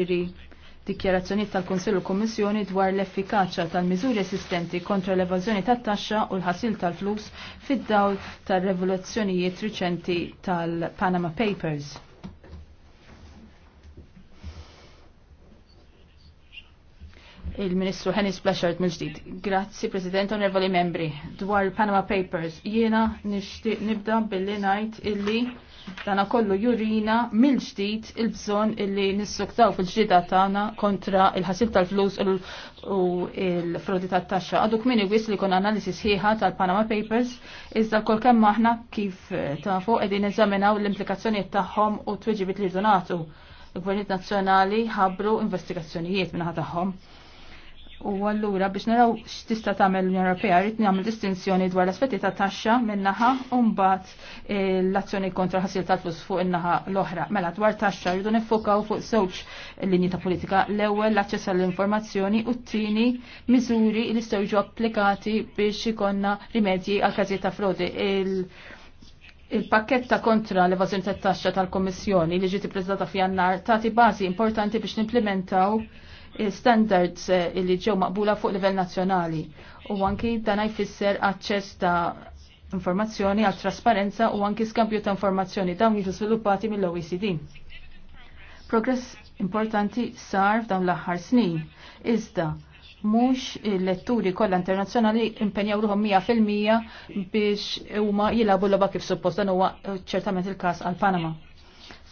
ġiri dikjarazzjoniet tal-Konsillu Kommissjoni dwar l-effikaċja tal-miżuri esistenti kontra l-evażjoni tat-taxxa u l-ħasil tal-flus fid-dawl tal-revoluzzjonijiet riċenti tal-Panama Papers. Il-Ministru Hennis Blashard mill-ġdid. Grazzi, President, onorevoli membri. Dwar il-Panama Papers, jiena nixtieq nibda billi ngħid illi Dana kollu jurina mill-ġdid il-bżon illi nissuktaw fil-ġdida tagħna kontra il ħasib tal-flus u il-frodi tat-taxxa. Għadu kmini wis li kon analisi sħiħa tal-Panama Papers iżda kol kem aħna kif tafu qegħdin eżaminaw l-implikazzjonijiet tagħhom u t-tweġibit li donatu. Il-Gvernijiet Nazzjonali ħabru investigazzjonijiet minnaħa tagħhom. U allura biex naraw x'tista' tagħmel l-Unjoni Ewropea rrid nagħmel distinzjoni dwar l-aspetti ta' taxxa min-naħa u mbagħad eh, l-azzjoni kontra ħasil tal-flus fuq in-naħa l-oħra. Mela dwar taxxa rridu nifokaw fuq żewġ linji ta' politika. L-ewwel l-aċċess għall-informazzjoni u t-tieni miżuri li jistgħu jiġu applikati biex ikonna rimedji għal każijiet ta' frodi. Il-pakket ta' kontra l-evażjoni tat-taxxa tal kummissjoni li ġiet ippreżentata f'Jannar tagħti bażi importanti biex nimplementaw standards eh, li ġew maqbula fuq livell nazzjonali u anki dan jfisser aċċess ta' informazzjoni għal trasparenza u anki skambju ta' informazzjoni dawn jiġu sviluppati mill-OECD. Progress importanti sar f'dawn l-aħħar snin, iżda mhux il-letturi kollha internazzjonali impenjaw fil 100% biex huma jilabu l-logħba kif suppost dan huwa eh, ċertament il-każ għal Panama.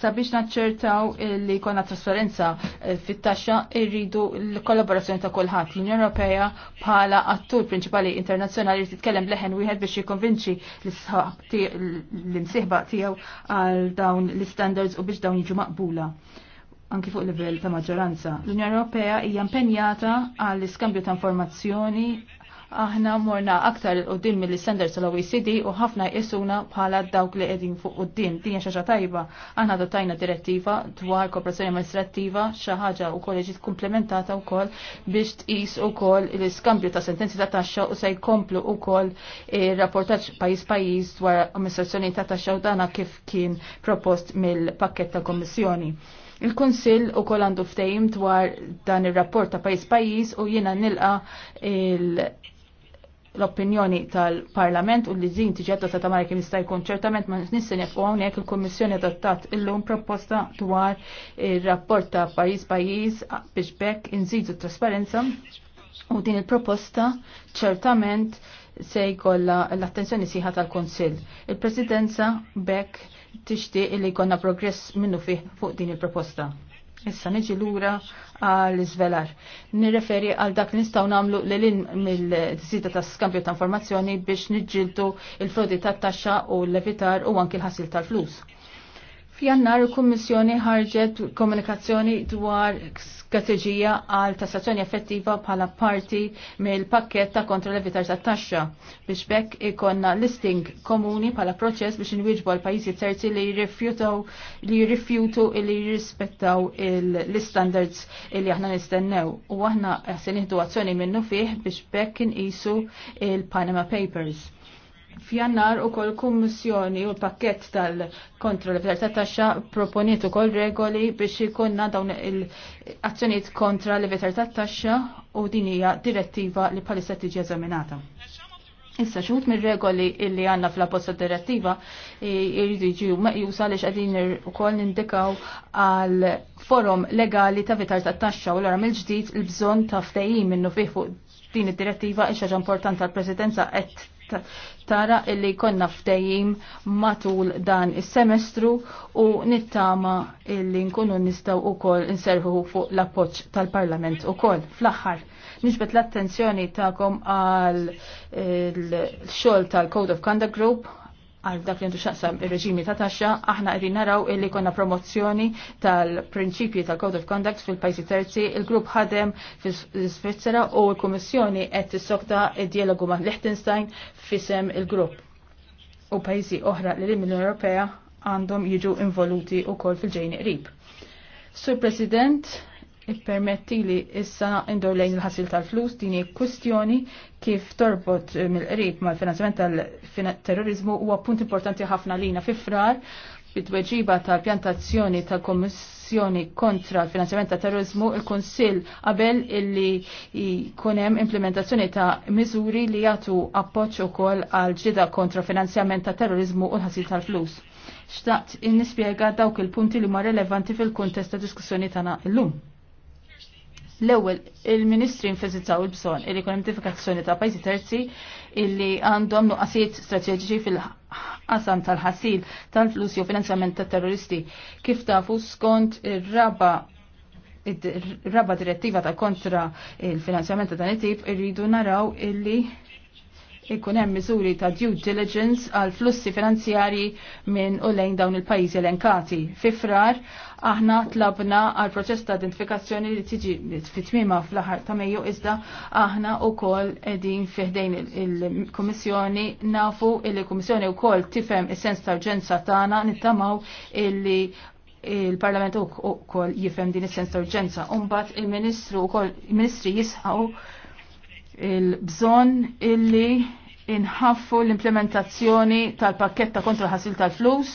Sabiex naċċertaw li konna trasparenza eh, fit-taxxa irridu l-kollaborazzjoni ta' kulħadd. L-Unjoni Ewropea bħala attur prinċipali internazzjonali titkellem leħen wieħed biex jikkonvinċi l-imsieħba tiegħu għal dawn l istandards u biex dawn jiġu maqbula anki fuq livell ta' maġġoranza. L-Unjoni Ewropea hija impenjata għall iskambju ta' informazzjoni aħna morna aktar il-qoddim mill standards tal-OECD u ħafna jessuna bħala dawk li qegħdin fuq qoddim. Din hija xaġa tajba. Aħna adottajna direttiva dwar kooperazzjoni amministrattiva xi ħaġa wkoll ġiet komplementata wkoll biex tqis ukoll l-iskambju ta' sentenzi ta' taxxa u se jkomplu wkoll ir-rapportaġġ pajjiż pajjiż dwar amministrazzjoni ta' taxxa u dana kif kien propost mill-pakket ta' kommissjoni. Il-Konsil u kol għandu ftejm dwar dan il-rapport ta' pajis pajis u jiena nilqa il- l-opinjoni tal-Parlament u l-liżin tiġi adottata ta' mara kien jistaj jkun ċertament ma nissenef u hawnhekk il-Kummissjoni adottat illum proposta dwar ir-rapport ta' pajjiż pajjiż biex bekk inżidu trasparenza u din il-proposta ċertament se jkollha l-attenzjoni siħa tal-Kunsill. Il-Presidenza bekk tixtieq li jkollna progress minnu fih fuq din il-proposta. Issa niġi lura għal iżvelar. Nireferi għal dak nistgħu nagħmlu lilin mill-żida ta' skambju ta' informazzjoni biex nġiltu il-frodi tat-taxxa u l-levitar u anki l-ħasil tal-flus. F'jannar il-Kummissjoni ħarġet komunikazzjoni dwar strategija għal tassazzjoni effettiva bħala parti mill-pakket ta' kontra levitar ta' taxxa biex bekk ikonna listing komuni bħala proċess biex inwiġbu għal pajjiżi terzi li jirrifjutaw li jirrifjutu li jirrispettaw l-standards li aħna nistennew u aħna se nieħdu azzjoni minnu fih biex bekk inqisu il-Panama Papers. Fjannar u kol kummissjoni u pakket tal-kontrol tal ta' taxxa proponiet ukoll regoli biex ikunna dawn il-azzjonijiet kontra l-vetar ta' taxxa u din hija direttiva li bħalissa tiġi eżaminata. Issa xut minn regoli illi għanna fl-apposta direttiva irridu jġiju meqjusa li xqegħdin ukoll nindikaw għal forum legali ta' vitar ta' taxxa u l għaram mill-ġdid il-bżonn ta' ftejim minnu fih fuq din id-direttiva xi ħaġa importanti għall presidenza qed tara illi konna ftejjim matul dan is-semestru u nittama illi nkunu nistaw ukoll inserħu fuq l-appoġġ tal-Parlament ukoll fl-aħħar. Nisbet l-attenzjoni ta'kom għal eh, xogħol tal-Code of Conduct Group għal dak li xaqsam il-reġimi ta' taxxa, aħna għedin naraw illi konna promozzjoni tal-prinċipji tal-Code of Conduct fil-pajjiżi terzi, il-grupp ħadem fil-Svizzera u l-Kummissjoni qed tissokta id-dialogu ma' Liechtenstein fisem il-grupp. U pajjiżi oħra li l-Unjoni Ewropea għandhom jiġu involuti wkoll fil ġejni qrib. Sur President, ippermetti li issa indorlejn lejn il-ħasil tal-flus din kwistjoni kif torbot eh, mill-qrib mal finanzjament tal-terrorizmu huwa punt importanti ħafna lina fi frar bit-tweġiba tal-pjantazzjoni tal-Kommissjoni kontra l-finanzjament ta' terrorizmu, il-Konsil qabel illi jkunem implementazzjoni ta' miżuri li jagħtu appoġġ ukoll għal ġida kontra finanzjament ta' terrorizmu u l-ħasil tal-flus. Xtaqt in nispjega dawk il-punti li ma relevanti fil-kuntest ta' diskussjoni tagħna llum. L-ewwel il-Ministri nfeżizzaw il-bson li jkun identifikazzjoni ta' pajjiżi terzi illi għandhom nuqqasijiet strateġiċi fil-qasam tal-ħasil tal-flus jew finanzjament tat terroristi. Kif tafu skont ir-raba ir-raba direttiva ta' kontra il-finanzjament ta' dan it-tip irridu naraw illi ikun hemm miżuri ta' due diligence għal flussi finanzjari minn u lejn dawn il-pajjiżi elenkati. Fi frar aħna tlabna għal proċess ta' identifikazzjoni li tiġi fit-tmima fl-aħħar ta' Mejju iżda aħna wkoll qegħdin fiħdejn il-Kummissjoni nafu il-Kummissjoni wkoll tifhem is-sens ta' urġenza tagħna nittamaw illi il-Parlament u kol jifem din is-sens ta' urġenza. Umbat il-Ministru u kol, il-Ministri jisħaw il-bżon illi inħaffu l-implementazzjoni tal-pakketta kontra ħasil tal-flus.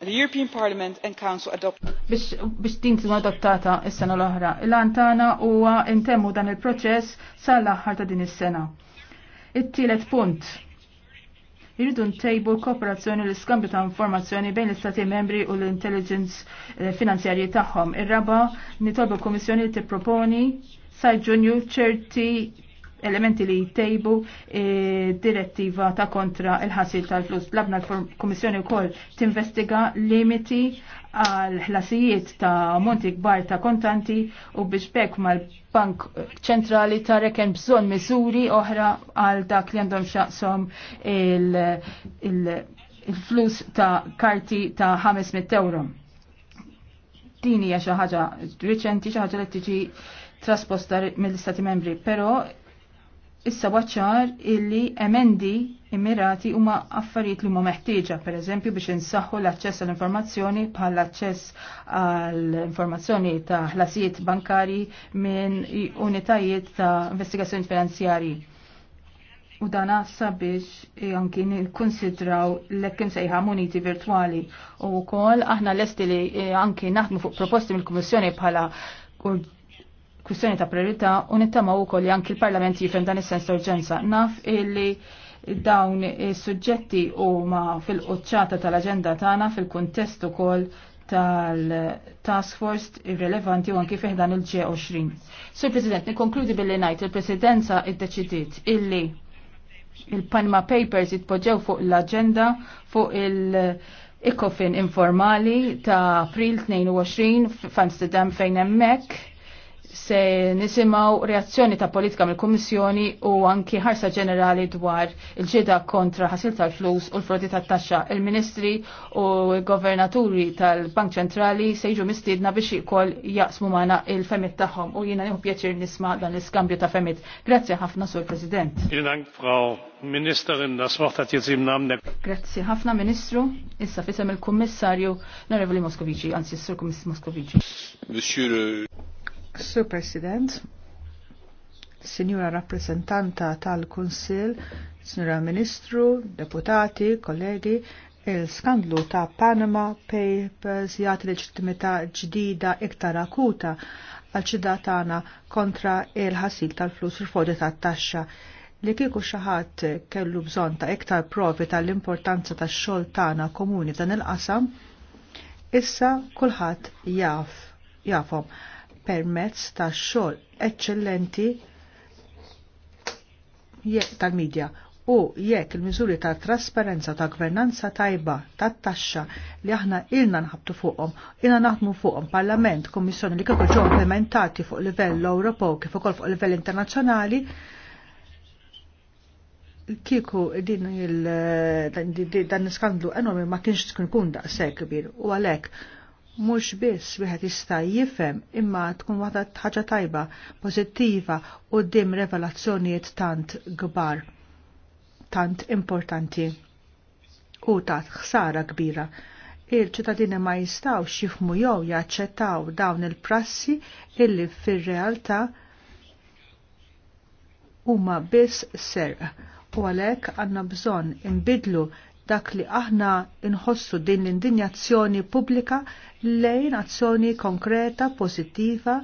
The European Parliament and Council adopt. Biex, biex din tkun adottata is-sena l-oħra. Il-antana huwa intemmu dan il-proċess sal-aħħar ta' din is-sena. It-tielet punt Irridu ntejbu kooperazzjoni l-iskambju ta' informazzjoni bejn l-Istati membri u l-intelligence eh, finanzjarji tagħhom. Ir-raba nitolbu l-Kummissjoni li tipproponi sa' ċerti elementi li jtejbu e, direttiva ta' kontra il-ħasil tal-flus. Labna l-Komissjoni u koll tinvestiga limiti għal ħlasijiet ta' monti kbar ta' kontanti u biex bekk mal-Bank ċentrali ta' reken bżon misuri oħra għal dak li għandhom xaqsom il-flus il il ta' karti ta' 500 euro. Dini hija xi ħaġa riċenti, xi ħaġa li tiġi trasposta mill-Istati membri, però issa waċċar illi emendi immirati huma affarijiet li huma meħtieġa, pereżempju biex insaħħu l-aċċess għall informazzjoni bħal aċċess għall informazzjoni ta' ħlasijiet bankari minn unitajiet ta' investigazzjoni finanzjarji. U dana sabiex eh, anki nikkonsidraw l-ekkim sejħa muniti virtuali u kol aħna l-esti li eh, anki naħdmu fuq proposti mill-Kummissjoni bħala kwistjoni ta' priorità u nittama u koll anki l-Parlament jifem dan is-sens urġenza. Naf illi dawn is-suġġetti huma fil-qoċċata tal-aġenda tagħna fil-kuntest ukoll tal-task force irrelevanti u anki fih dan il-G20. Sur President, nikonkludi billi najt il-Presidenza id deċidit illi il-Panama Papers jitpoġġew fuq l-agenda fuq il-Ikofin informali ta' april 22 f'Amsterdam fejn hemmhekk se nisimaw reazzjoni ta' politika mill-Kummissjoni u anki ħarsa ġenerali dwar il-ġida kontra ħasil tal-flus u l-frodi tat-taxxa. Il-Ministri u l-Governaturi tal-Bank Ċentrali se jiġu mistiedna biex ikoll jaqsmu magħna il-femit tagħhom u jiena nieħu pjaċir nisma' dan l-iskambju ta' femit. Grazzi ħafna sur President. Grazzi ħafna Ministru, issa fisem il-Kummissarju Norevoli Moskovici, anzi Sur Kummissar Moskovici. Monsieur Sur President, Signora Rappresentanta tal-Kunsil, Signora Ministru, Deputati, Kollegi, il-skandlu ta' Panama Papers jgħat leġittimità ġdida iktar akuta għal ċidatana kontra il-ħasil tal-flus fil fodi tat-taxxa li kieku xaħat kellu bżon ta' iktar provi tal-importanza ta' xol tana komuni dan il-qasam, issa kulħadd jaf, jafhom permezz ta' xogħol eċċellenti tal-medja u jekk il-miżuri ta' trasparenza ta' gvernanza tajba ta' taxxa li aħna ilna nħabtu fuqhom, ilna naħdmu fuqhom Parlament, Kommissjoni li kieku ġew implementati fuq livell Ewropew kif ukoll fuq livell internazzjonali, kieku din il dan iskandlu enormi ma kienx tkun kun daqshekk kbir u għalhekk mhux biss wieħed jista' jifhem imma tkun waħda ħaġa tajba, pożittiva u dim revelazzjonijiet tant kbar, tant importanti u ta' ħsara kbira. Il-ċittadini ma jistawx jifmu jew jaċċettaw dawn il-prassi illi fir-realtà huma biss serq u għalhekk għandna bżonn inbidlu dak li aħna inħossu din l-indinjazzjoni pubblika lejn azzjoni konkreta, pozittiva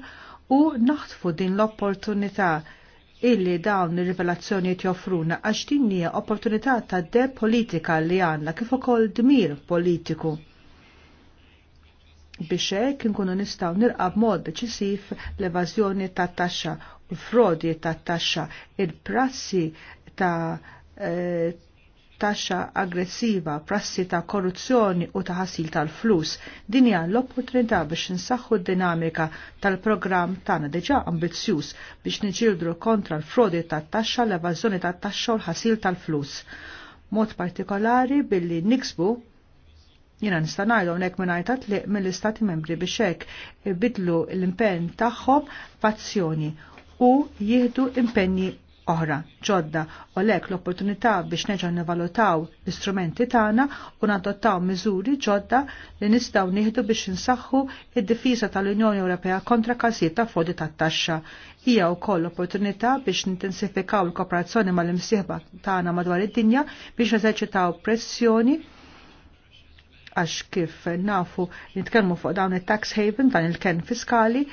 u naħtfu din l-opportunità illi dawn ir-rivelazzjoni joffruna għax din hija opportunità ta' de politika li għandna kif ukoll dmir politiku. Biex hekk inkunu nistgħu nirqab mod deċisiv l-evażjoni tat-taxxa, l frodi tat-taxxa, il-prassi ta' eh, taxxa aggressiva, prassi ta' korruzzjoni u ta' ħasil tal-flus. Din hija l-opportunità biex insaħħu d-dinamika tal-programm tagħna diġà ambizzjuż biex niġildru kontra l-frodi tat-taxxa, l-evażjoni tat-taxxa u l-ħasil tal-flus. Mod partikolari billi niksbu jina nistanajdu unek minnajt għatliq mill-istati membri biex hekk bidlu l-impenn tagħhom f'azzjoni u jieħdu impenni oħra ġodda u lek l-opportunità biex neġa nivalutaw l-istrumenti tagħna u nadottaw miżuri ġodda li nistgħu nieħdu biex insaħħu id-difiża tal-Unjoni Ewropea kontra każijiet ta' fodi tat-taxxa. Hija wkoll opportunità biex nintensifikaw l-kooperazzjoni mal-imsieħba tagħna madwar id-dinja biex eżerċitaw pressjoni għax kif nafu nitkellmu fuq dawn it-tax haven dan il-ken fiskali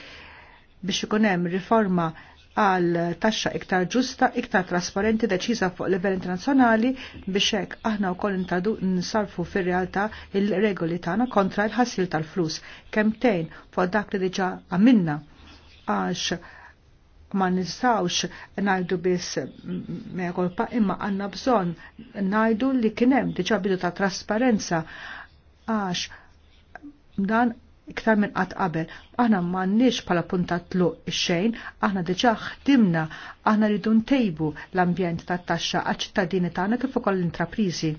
biex ikun hemm riforma għal taxxa iktar ġusta, iktar trasparenti deċiża fuq livell internazzjonali biex hekk aħna wkoll intadu nsarfu fir-realtà il-regoli tagħna kontra l-ħassil tal-flus Kemm tejn fuq dak li diġà għamilna għax ma nistawx najdu biss kolpa imma għanna bżon najdu li kienem diġa bidu ta' trasparenza għax dan iktar minn qatt qabel. Aħna m'għandniex bħala puntat tluq ix-xejn, aħna diġà ħdimna, aħna rridu ntejbu l-ambjent tat-taxxa għaċ-ċittadini tagħna kif ukoll l-intrapriżi.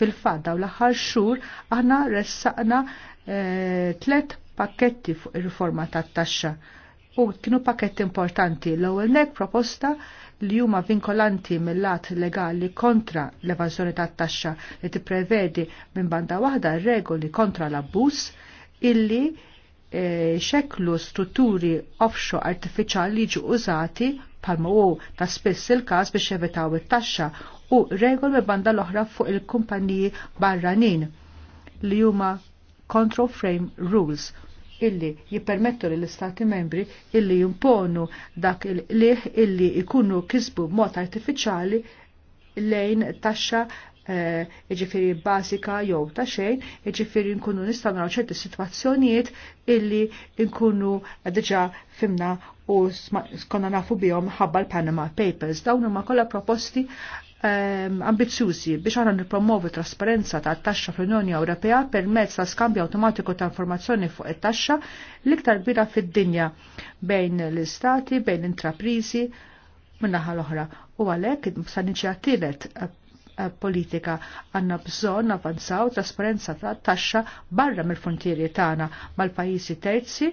Fil-fatt daw l-aħħar xhur aħna ressaqna eh, tlet pakketti fuq ir-riforma tat-taxxa. U kienu pakketti importanti l-ewwel nek proposta li huma vinkolanti mill-lat legali kontra l-evażjoni tat-taxxa li tipprevedi minn banda waħda regoli kontra l-abbuż illi eh, xeklu strutturi offshore artificiali ġu użati palma u ta' spiss il-kas biex jevitaw it-taxxa u regol me banda l-oħra fuq il kumpanji barranin li huma control frame rules illi jippermettu l istati membri illi jimponu dak il-liħ illi ikunu kisbu mod artificiali lejn taxxa Eh, iġifiri basika jew ta' xejn, iġifiri nkunu nistaw naraw ċerti situazzjonijiet illi nkunu diġa fimna u skonna nafu bihom ħabba l-Panama Papers. Dawn huma kollha proposti ehm, ambizjużi biex għana nippromovi trasparenza ta' taxxa fl-Unjoni Ewropea permezz ta' skambju automatiku ta' informazzjoni fuq it-taxxa l-iktar bira fid-dinja bejn l-istati, bejn l-intraprizi, minnaħa l-oħra. U għalek, sa' niġi għattilet Eh, politika. Għanna bżon avanzaw trasparenza ta' taxxa barra mill-frontieri tagħna mal-pajjiżi terzi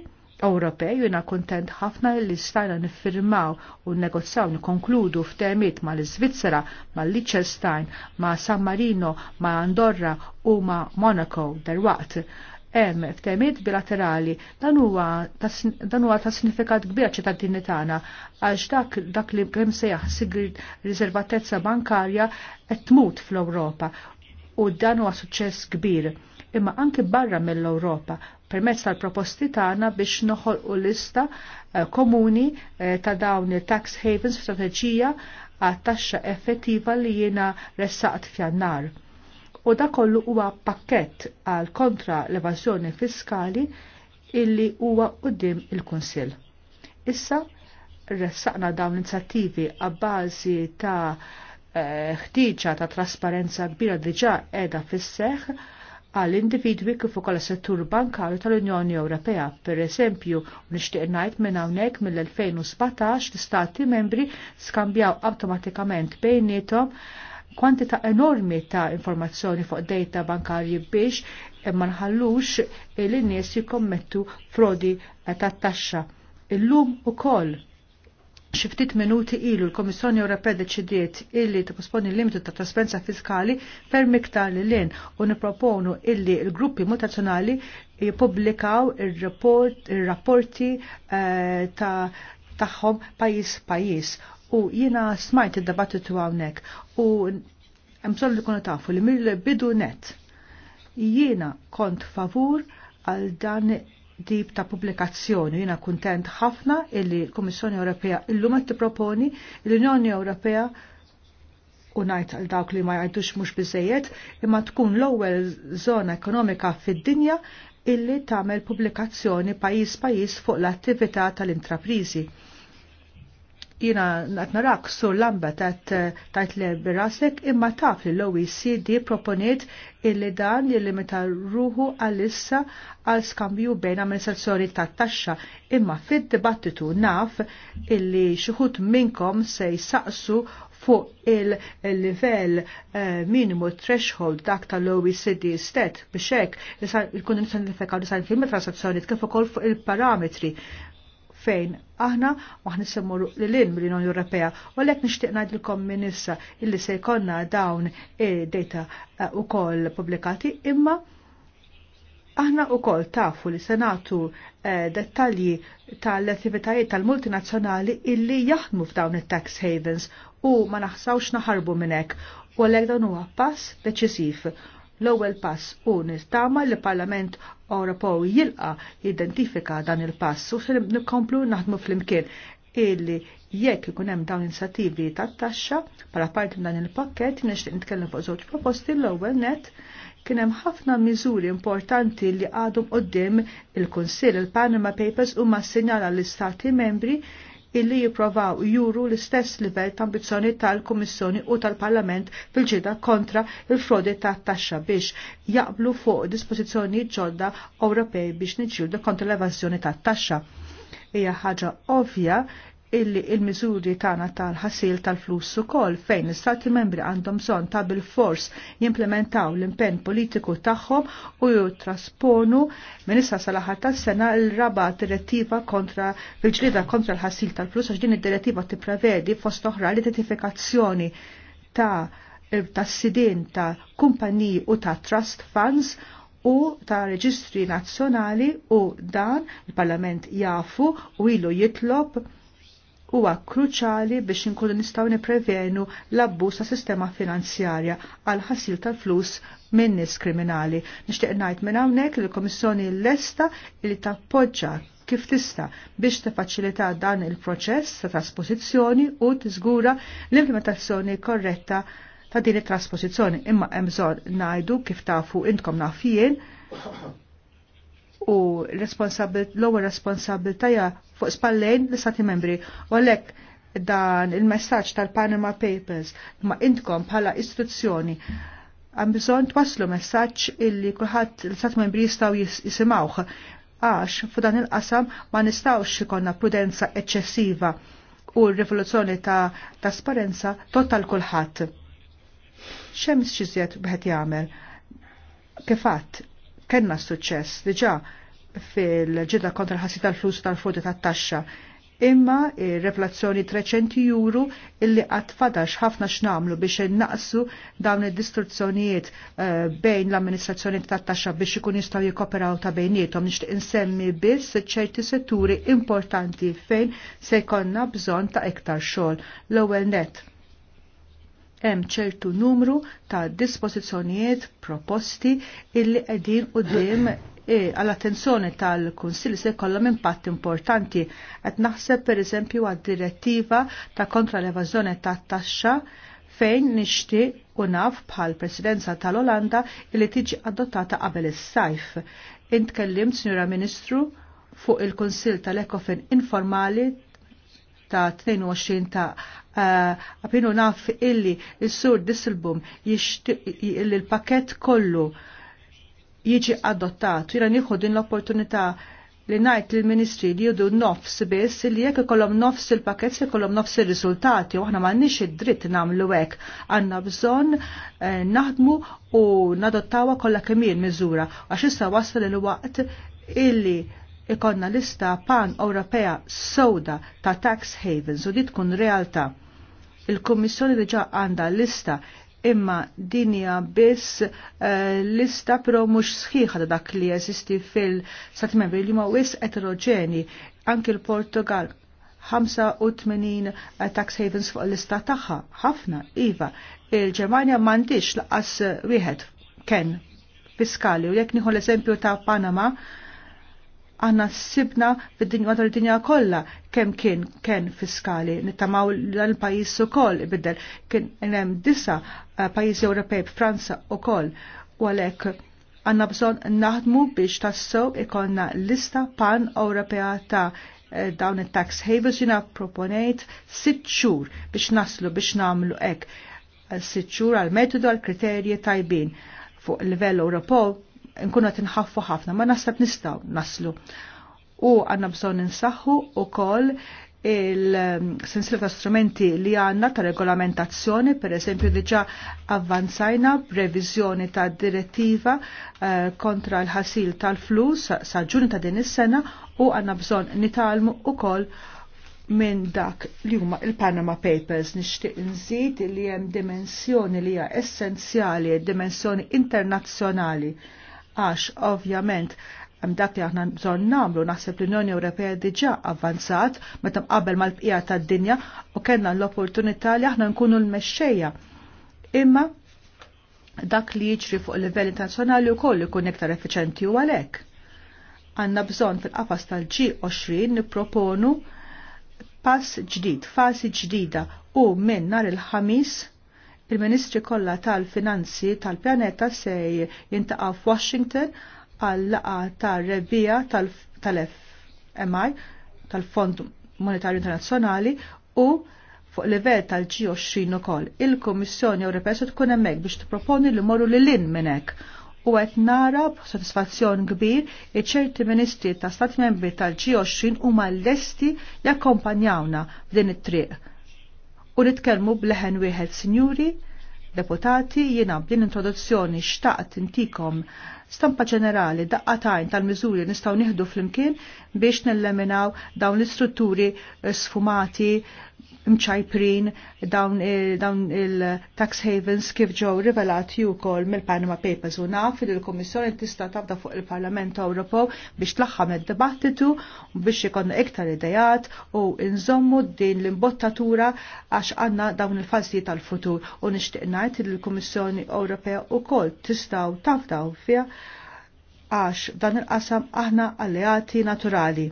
Ewropej jina kontent ħafna li stajna niffirmaw u negozzaw nikonkludu f'temiet ma' l-Svizzera, ma' Liechtenstein, ma' San Marino, ma' Andorra u ma' Monaco derwaqt hemm f'temiet bilaterali dan huwa ta' sinifikat kbir ċittadini tagħna għax dak dak li kemm sejjaħ riservatezza bankarja qed tmut fl-Ewropa u dan huwa suċċess kbir imma anki barra mill-Ewropa permezz tal-proposti tagħna biex noħolqu lista eh, komuni eh, ta' dawn il-tax havens strateġija għat taxxa effettiva li jiena ressaqt f'jannar u da kollu huwa pakkett għal kontra l-evażjoni fiskali illi huwa qudiem il-Kunsill. Issa ressaqna dawn l-inizjattivi għabbażi ta' eh, ħtiġa ta' trasparenza kbira diġà qiegħda fis-seħħ għall individwi kif ukoll settur bankarju tal-Unjoni Ewropea. Per eżempju, nixtieq ngħid minn hawnhekk mill-2017 l-istati membri skambjaw awtomatikament bejniethom kwantita enormi ta' informazzjoni fuq data bankarji biex ma nħallux l-nies jikommettu frodi ta' taxxa. Illum u koll xiftit minuti ilu l-Komissjoni Ewropea deċidiet illi tipposponi l-limitu ta' traspensa fiskali per miktar li l-in u niproponu illi l-gruppi mutazzjonali jipublikaw il-rapporti il eh, ta' taħħom pajis pajis U jiena smajt id-dibattitu hawnhekk u hemm bżonn li kuna tafu li mill-bidu net jiena kont favur għal dan dib ta' pubblikazzjoni. Jiena kuntent ħafna illi l-Kummissjoni Ewropea illum qed tipproponi l-Unjoni Ewropea u najt għal dawk li ma jgħidux mhux bizzejiet imma tkun l-ewwel żona ekonomika fid-dinja illi tagħmel pubblikazzjoni pajjiż pajjiż fuq l-attività tal-intrapriżi jina għat sur lamba tat tajt le birasek imma taf li l-OECD proponiet illi dan meta ruħu għal-issa għal skambju bejn amministrazzjoni tat taxxa imma fid-dibattitu naf illi xuħut minkom se jisaqsu fuq il-livell eh, minimu threshold dak tal-OECD stet biex hekk ikun nifsonifikaw il transazzjoni kif ukoll fuq il-parametri fejn aħna maħna semmu l-lin mill-Unjoni Ewropea u l-ek nishtiq najdilkom minissa illi se jkonna dawn data eh, u kol publikati imma aħna u kol tafu li senatu eh, dettalji tal-attivitajiet tal-multinazzjonali illi jaħdmu f'dawn it-tax havens u ma naħsawx naħarbu minnek u l-ek dawn huwa pass deċisiv l-ewwel pass u nistama li Parlament Ewropew jilqa identifika dan il-pass u se nikomplu naħdmu flimkien illi jekk ikun hemm dawn inizjattivi tat-taxxa bħala parti dan il-pakkett nixtieq nitkellem fuq żewġ proposti l-ewwel net kien hemm ħafna miżuri importanti li għadhom qudiem il-Kunsill il-Panama Papers huma ssinjala l-Istati membri illi jipprovaw juru l-istess livell ta' ambizzjoni tal-Kummissjoni u tal-Parlament fil-ġida kontra il-frodi ta' taxxa biex jaqblu fuq dispożizzjoni ġodda Ewropej biex niġġieldu kontra l-evażjoni ta' taxxa. Hija ħaġa ovvja illi il-miżuri tagħna tal-ħasil tal-flus ukoll fejn l-istati membri għandhom bżonn ta' bil-fors jimplementaw l-impenn politiku tagħhom u trasponu minn issa sal-aħħar tas-sena l-raba direttiva kontra il-ġlieda kontra l-ħasil tal-flus għax din id-direttiva tipprevedi fost oħra l-identifikazzjoni ta' tas ta' kumpaniji u ta' trust funds u ta' reġistri nazzjonali u dan il-Parlament jafu u ilu jitlob huwa kruċali biex inkunu nistgħu nipprevenu l-abbuż ta' sistema finanzjarja għal ħasil tal-flus minn nies kriminali. Nixtieq ngħid minn hawnhekk li l-Komissjoni lesta li tappoġġa kif tista biex tifaċilita dan il-proċess ta' trasposizzjoni u tiżgura l-implementazzjoni korretta ta' din it-trasposizzjoni. Imma hemm bżonn ngħidu kif tafu intkom jien u l-ewwel responsabilitajja fuq spallejn l istati membri. U għalhekk dan il-messaġġ tal-Panama Papers ma intkom bħala istituzzjoni għam bżon twaslu messaġġ illi kulħadd l istati membri jistgħu jisimgħuh għax f'dan il-qasam ma nistgħux ikonna prudenza eċċessiva u r-rivoluzzjoni ta' trasparenza total kulħadd. Xemm xi żjed bħed jagħmel? Kifatt Kenna suċċess diġà fil-ġidda kontra ħassi tal-flus tal-frodi tat-taxxa imma revlazzjoni treċenti juru illi għatfadax ħafna x'namlu biex naqsu dawn id-distruzzjonijiet eh, bejn l-amministrazzjoni tat-taxxa biex ikun jistgħu jikoperaw ta' bejnietom nixtieq insemmi biss ċerti setturi importanti fejn se jkollna bżonn ta' iktar xogħol. L-ewwel net hemm ċertu numru ta' dispożizzjonijiet proposti illi qegħdin qudiem e, għall-attenzjoni tal-Kunsill se jkollhom impatt importanti qed naħseb pereżempju għad-direttiva ta' kontra l-evażjoni tat-taxxa fejn nixtieq u naf bħal presidenza tal-Olanda illi tiġi adottata qabel is-sajf. Intkellimt, Sinjura Ministru, fuq il-Kunsill tal-Ekofin informali ta' 22 ta' Eh, għabinu naf illi il-sur Disselbum il-pakket kollu jiġi adottat. Jira nieħu din l-opportunità li najt il-ministri li judu nofs biss li jekk ikollhom nofs il-pakket se jkollhom nofs ir-riżultati u aħna m'għandniex id-dritt nagħmlu hekk. għanna bżonn eh, naħdmu u nadottawa kollha kemm mizura miżura għax issa wasal il-waqt illi ikonna lista pan Ewropea sewda ta' tax havens u di tkun realtà. Il-Kummissjoni diġa' għandha lista imma dinja biss uh, lista però mhux sħiħa dak li jeżisti fil-Stati Membri li ma wis eterogeni anki l-Portugal 85 eh, tax havens fuq l-lista tagħha. Ħafna, iva, il-Ġermanja m'għandix laqas wieħed ken fiskali u jekk nieħu l-eżempju ta' Panama Għanna sibna fid-dinja għadar dinja kollha kemm kien kien fiskali nittamaw l-pajjiż ukoll ibidel kien hemm disa eh, pajjiżi Ewropej b'Franza kol u għalhekk għanna bżon naħdmu biex tassew ikonna lista pan Ewropea ta' eh, dawn it-tax havens jina proponejt sitt xhur biex naslu biex namlu hekk eh, sitt xhur għal metodu għal kriterji tajbin fuq livell Ewropew nkunu tinħaffu ħafna, ma nasab nistgħu naslu. U għandna bżonn insaħħu kol il-sensila ta' strumenti li għanna ta' regolamentazzjoni, per eżempju diġa avvanzajna previżjoni ta' direttiva eh, kontra l-ħasil tal-flus sa' ġuni ta' din is-sena u għanna bżon nitalmu u kol minn dak li huma il-Panama Papers nixtieq nżid li hemm dimensjoni li hija essenzjali, dimensjoni internazzjonali għax ovvjament hemm dak li aħna bżonn nagħmlu naħseb l-Unjoni Ewropea diġà avvanzat meta mqabel mal-bqija tad-dinja u kellna l-opportunità li aħna nkunu l-mexxejja. Imma dak li jiġri fuq livell internazzjonali wkoll ikun iktar effiċenti u għalhekk. Għandna bżonn fil-qafas tal-G20 nipproponu pass ġdid, fasi ġdida u minn nhar il-ħamis Il-Ministri kollha tal-Finanzi tal-Pjaneta se jintaqgħu f'Washington għal laqa tar-rebbija tal-FMI tal-Fond Monetarju Internazzjonali u fuq livell tal-G20 ukoll. Il-Kummissjoni Ewropea se tkun hemmhekk biex tipproponi li morru lil lin minn hekk u qed nara b'sodisfazzjon kbir iċ-ċerti ministri ta' Stati membri tal-G20 huma lesti jakkompanjawna f'din it-triq u nitkellmu bleħen wieħed sinjuri, deputati, jiena b'din introduzzjoni xtaqt intikom stampa ġenerali daqqatajn tal-miżuri nistgħu nieħdu flimkien biex nelleminaw dawn l-istrutturi sfumati mċajprin dawn, dawn il-tax havens kif ġew rivelati wkoll mill-Panama Papers u naf li l-Kummissjoni tista' tabda fuq il-Parlament Ewropew biex tlaħħam id-dibattitu biex ikonna iktar idejat u nżommu din l-imbottatura għax għandna dawn il-falsi tal-futur u nixtieq ngħid li l-Kummissjoni Ewropea wkoll tistgħu tafdaw fiha għax dan il-qasam aħna alleati naturali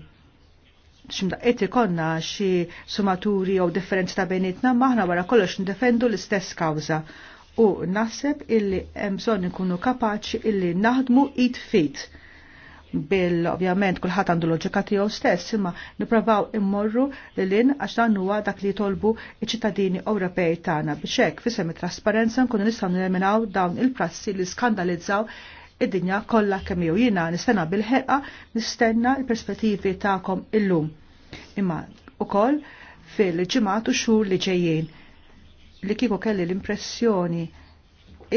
ximda eti konna xi sumaturi jew differenzi ta' bejnietna maħna wara kollox ndefendu l-istess kawża u naħseb illi hemm bżonn ikunu kapaċi illi naħdmu id fit bil ovvjament kulħadd għandu loġika tiegħu stess imma nipprovaw immorru lilin għax dan huwa dak li jtolbu iċ-ċittadini Ewropej tagħna biex hekk fisem it-trasparenza nkunu nistgħu neleminaw dawn il-prassi li skandalizzaw id-dinja kollha kemm jew jiena nistenna bil ħeqqa nistenna l-perspettivi tagħkom illum. Imma ukoll fil-ġimgħat u xhur li ġejjin li kieku kelli l-impressjoni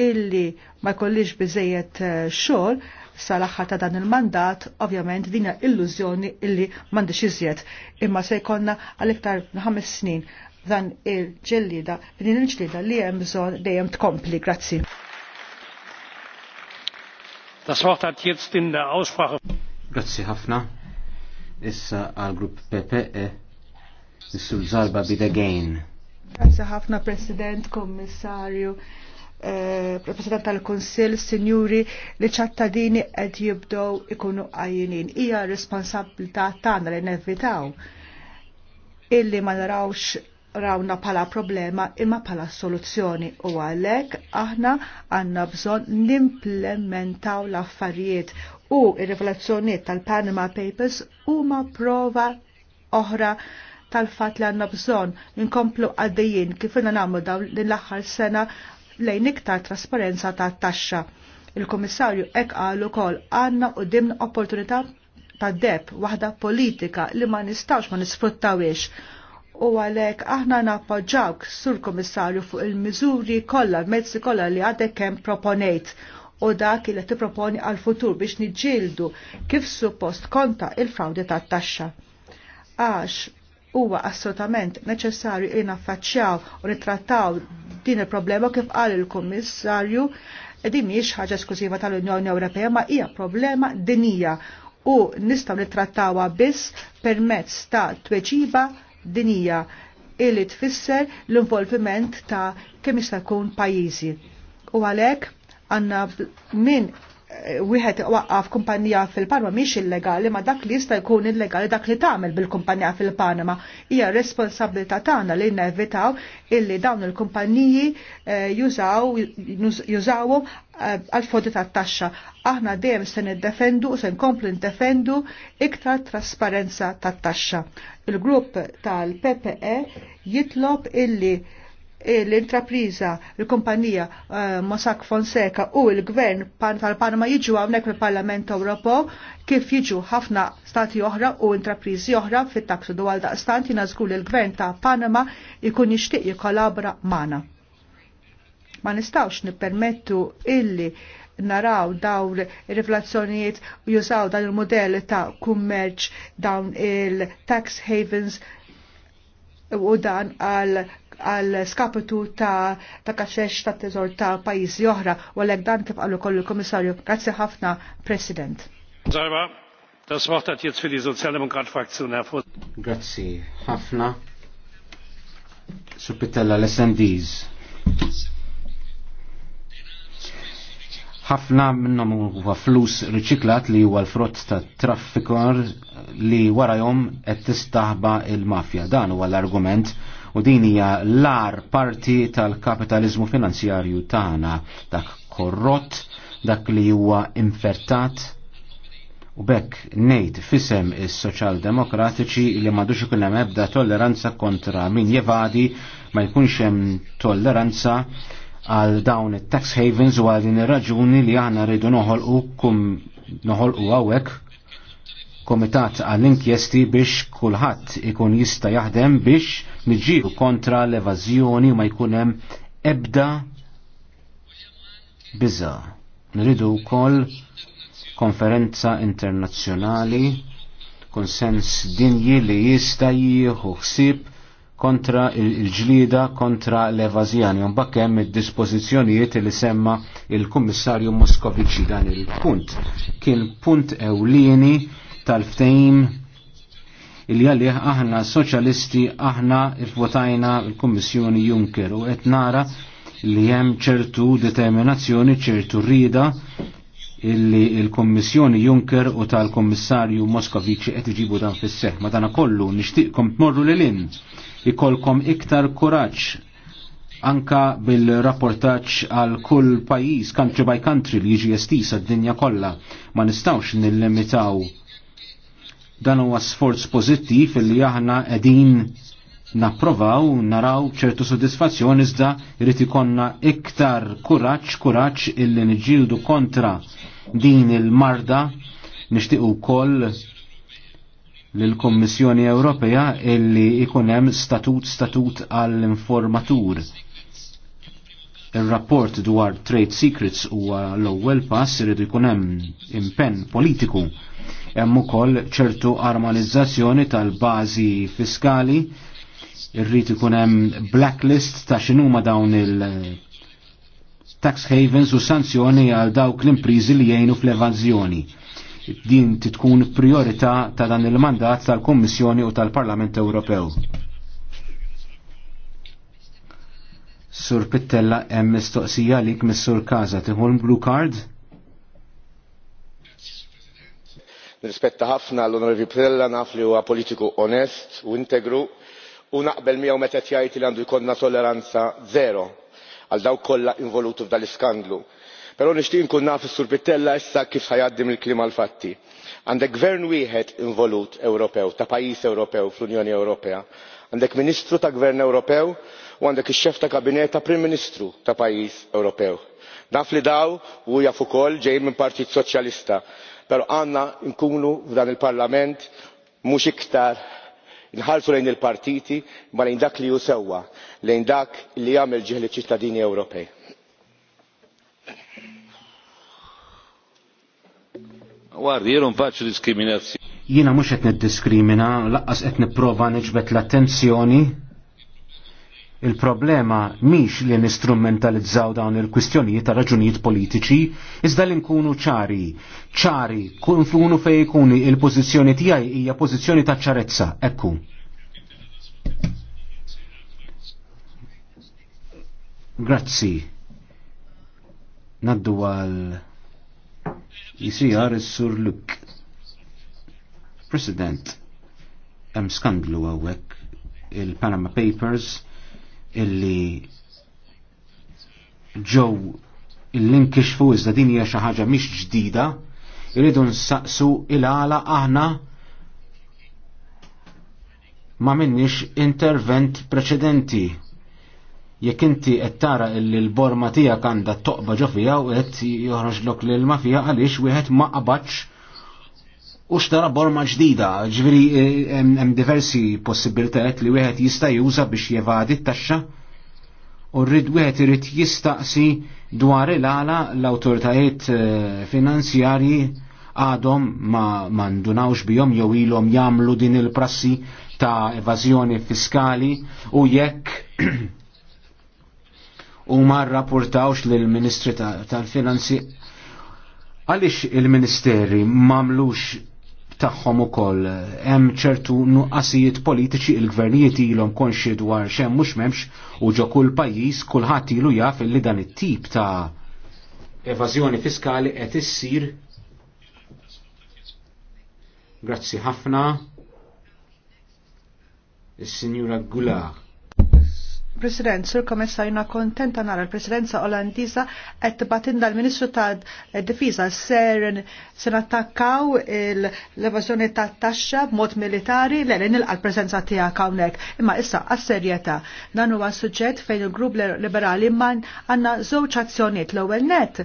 illi ma jkollix biżejjed eh, xogħol sal-aħħar ta' dan il-mandat, ovvjament din illużjoni illi m'għandix iżjed, imma se jkollna għal-iktar ħames snin dan il-ġellida, din il-ġellida li hemm bżonn dejjem tkompli. Grazzi. Das Wort hat jetzt in der Aussprache. Grazie ħafna. Issa għal grupp PPE. Nissu e Zalba Bidagain. Grazie ħafna President, Kommissarju. Eh, President tal-Konsil, Sinjuri, li ċattadini qed jibdow ikunu għajinin. Hija responsabilità tagħna li nevitaw illi ma narawx rawna pala problema imma pala soluzzjoni u għalek aħna għanna bżon nimplementaw l-affarijiet u il rivelazzjoniet tal-Panama Papers huma prova oħra tal-fat li għanna bżon ninkomplu għaddejjin kif inna namlu daw l-aħħar sena lejn iktar trasparenza ta' taxxa. Il-Komissarju ek għalu kol għanna u dimna opportunità ta' deb waħda politika li ma nistawx ma nisfruttawiex u għalek aħna nappoġġawk sur komissarju fuq il-miżuri kollha mezzi kollha li għadek kemm proponejt u dak li tipproponi għal futur biex niġġieldu kif suppost konta il-frawdi tat-taxxa. Għax huwa assolutament neċessarju li naffaċċjaw u nittrattaw din il-problema kif qal il-Kummissarju e din mhijiex ħaġa esklusiva tal-Unjoni Ewropea ma hija problema dinija u nistgħu nittrattawha biss permezz ta' tweġiba dinija illi tfisser l-involviment ta' kemm jista' jkun pajjiżi. U għalhekk għandna minn wieħed waqqaf kumpanija fil-Panama mhix illegali ma dak li jista' jkun illegali dak li tagħmel bil-kumpanija fil-Panama hija responsabilità tagħna li nevitaw illi dawn il-kumpaniji eh, jużaw jużawhom eh, għal fodi tat-taxxa. Aħna dejjem se niddefendu u se nkomplu ndefendu iktar trasparenza tat-taxxa. Il-grupp tal-PPE jitlob illi Eh, l intrapriza l-kumpanija eh, Mossack Fonseca u l-gvern tal-Panama jiġu hawnhekk fil-Parlament Ewropew kif jiġu ħafna stati oħra u intrapriżi oħra fit-taksu dwar daqstant jiena żgur il-gvern ta' Panama jkun jixtieq jikollabra magħna. Ma nistgħux nippermettu illi naraw dawn ir-rivelazzjonijiet u jużaw dan il-modell ta' kummerċ dawn il-tax havens u dan għal għal skapitu ta' ta' kaxex ta' teżor ta' pajjiżi oħra u għalhekk dan kif qalu kollu l Grazie Grazzi ħafna, President. Zarba, ta' s-wahta t für Sozialdemokrat-Fraktion għafu. Grazie Grazzi ħafna. Supitella l-SNDs. ħafna minnhom huwa flus riċiklat li huwa l-frott ta' traffikar li warahom qed tistaħba il-mafja. Dan huwa l-argument u din hija l-ar parti tal-kapitalizmu finanzjarju tagħna dak korrott, dak li huwa infertat u bekk nejt fisem is-soċjaldemokratiċi li m'għadux ikun hemm ebda tolleranza kontra min jevadi ma jkunx hemm tolleranza għal dawn it-tax havens u għal din ir-raġuni li aħna rridu noħolqu kum noħolqu hawnhekk komitat għall-inkjesti biex kulħadd ikun jista' jaħdem biex niġġieldu kontra l-evażjoni ma jkun hemm ebda biża. Nridu wkoll konferenza internazzjonali konsens dinji li jista' jieħu ħsieb kontra il-ġlida kontra l-evazjani. Mbagħad hemm id-dispożizzjonijiet li semma il-Kummissarju Moskoviċi dan il-punt. Kien punt ewlieni tal-ftejm il għalih aħna soċjalisti aħna votajna l-Kommissjoni Juncker u qed nara li hemm ċertu determinazzjoni ċertu rida illi il-Kommissjoni Juncker u tal-Kommissarju Moskovici qed iġibu dan fis ma dana kollu nixtieqkom tmorru lil in ikolkom iktar kuraġġ anka bil-rapportaċ għal kull pajis, country by country, li jiġi jestis għad-dinja kollha ma nistawx nillimitaw Dan huwa sforz pożittiv illi aħna qegħdin napprovaw naraw ċertu sodisfazzjoni iżda jrid ikonna iktar kuraġġ kuraġġ illi niġġieldu kontra din il-marda nixtieq ukoll lill-Kommissjoni Ewropea illi ikun hemm statut statut għall-informatur il-rapport dwar trade secrets huwa l-ewwel pass irid ikun hemm impenn politiku hemm ukoll ċertu armonizzazzjoni tal-bażi fiskali, irrid ikun hemm blacklist ta' x'inhuma dawn il- tax havens u sanzjoni għal dawk l-imprizi li jgħinu fl-evazzjoni. Din titkun priorità ta' dan il-mandat tal-Kommissjoni u tal-Parlament Ewropew. Sur Pittella hemm mistoqsija lik mis-Sur Kaza tiħolm blue card? nirrispetta ħafna l-onorevoli pittella naf li huwa politiku onest u integru u naqbel miegħu meta qed jgħid li għandu jkollna tolleranza żero għal dawk kollha involuti f'dan l-iskandlu. Però nixtieq inkun naf is-sur Pittella issa kif se jgħaddim mill-kliem għal fatti. Għandek gvern wieħed involut Ewropew ta' pajjiż Ewropew fl-Unjoni Ewropea. Għandek Ministru ta' Gvern Ewropew u għandek ix-xef ta' kabinet ta' Prim Ministru ta' pajjiż Ewropew. Naf li daw huja fuq ukoll ġejjin minn Partit Soċjalista però għandna nkunu f'dan il-parlament mhux iktar nħallsu lejn il-partiti ma lejn dak li hu sewwa lejn dak li jagħmel ġieħ liċ-ċittadini ewropej. Guardi, jero non faccio Jiena mhux qed niddiskrimina, laqqas qed nipprova niġbed l-attenzjoni Il-problema miex li nistrumentalizzaw dawn il-kwistjonijiet ta' raġunijiet politiċi, iżda li nkunu ċari. ċari, kunfunu fej kuni il-pozizjoni tiegħi hija pożizzjoni ta' ċarezza, ekku. Grazzi. Naddu għal jisijar il sur Luk. President, hemm skandlu għawek il-Panama Papers, illi ġew l-inkixfu iżda din hija xi ħaġa mhix ġdida, irridu nsaqsu il-għala aħna ma minnix intervent preċedenti. Jekk inti qed tara li l-borma tiegħek għandha toqba ġo fiha u qed joħroġlok lil ma fiha għaliex wieħed ma qabadx u xtara borma ġdida, ġviri eh, hemm diversi possibilitajiet li wieħed jista' juża biex jevadi t-taxxa u rrid wieħed irid jistaqsi dwar il-għala l-awtoritajiet eh, finanzjarji għadhom ma mandunawx bihom jew ilhom jagħmlu din il-prassi ta' evażjoni fiskali u jekk u ma rrapportawx lill ministri tal-Finanzi għaliex il-Ministeri mamlux tagħhom ukoll. Hemm ċertu nuqqasijiet politiċi il-gvernijiet ilhom konxi dwar xemm mhux m'hemmx u ġo kull pajjiż kulħadd ilu jaf illi dan it-tip ta' evażjoni fiskali qed issir Grazzi ħafna. Is-Sinjura Gulag. President, sur jina kontenta nara l-presidenza olandiza qed batinda l-Ministru ta' Difiża ser se attakkaw l-evażjoni ta' taxxa b'mod militari l nilqa l-preżenza tiegħek hawnhekk. Imma issa għas-serjetà dan huwa suġġett fejn il-grupp liberali man għandna zoċ azzjoniet l-ewwel net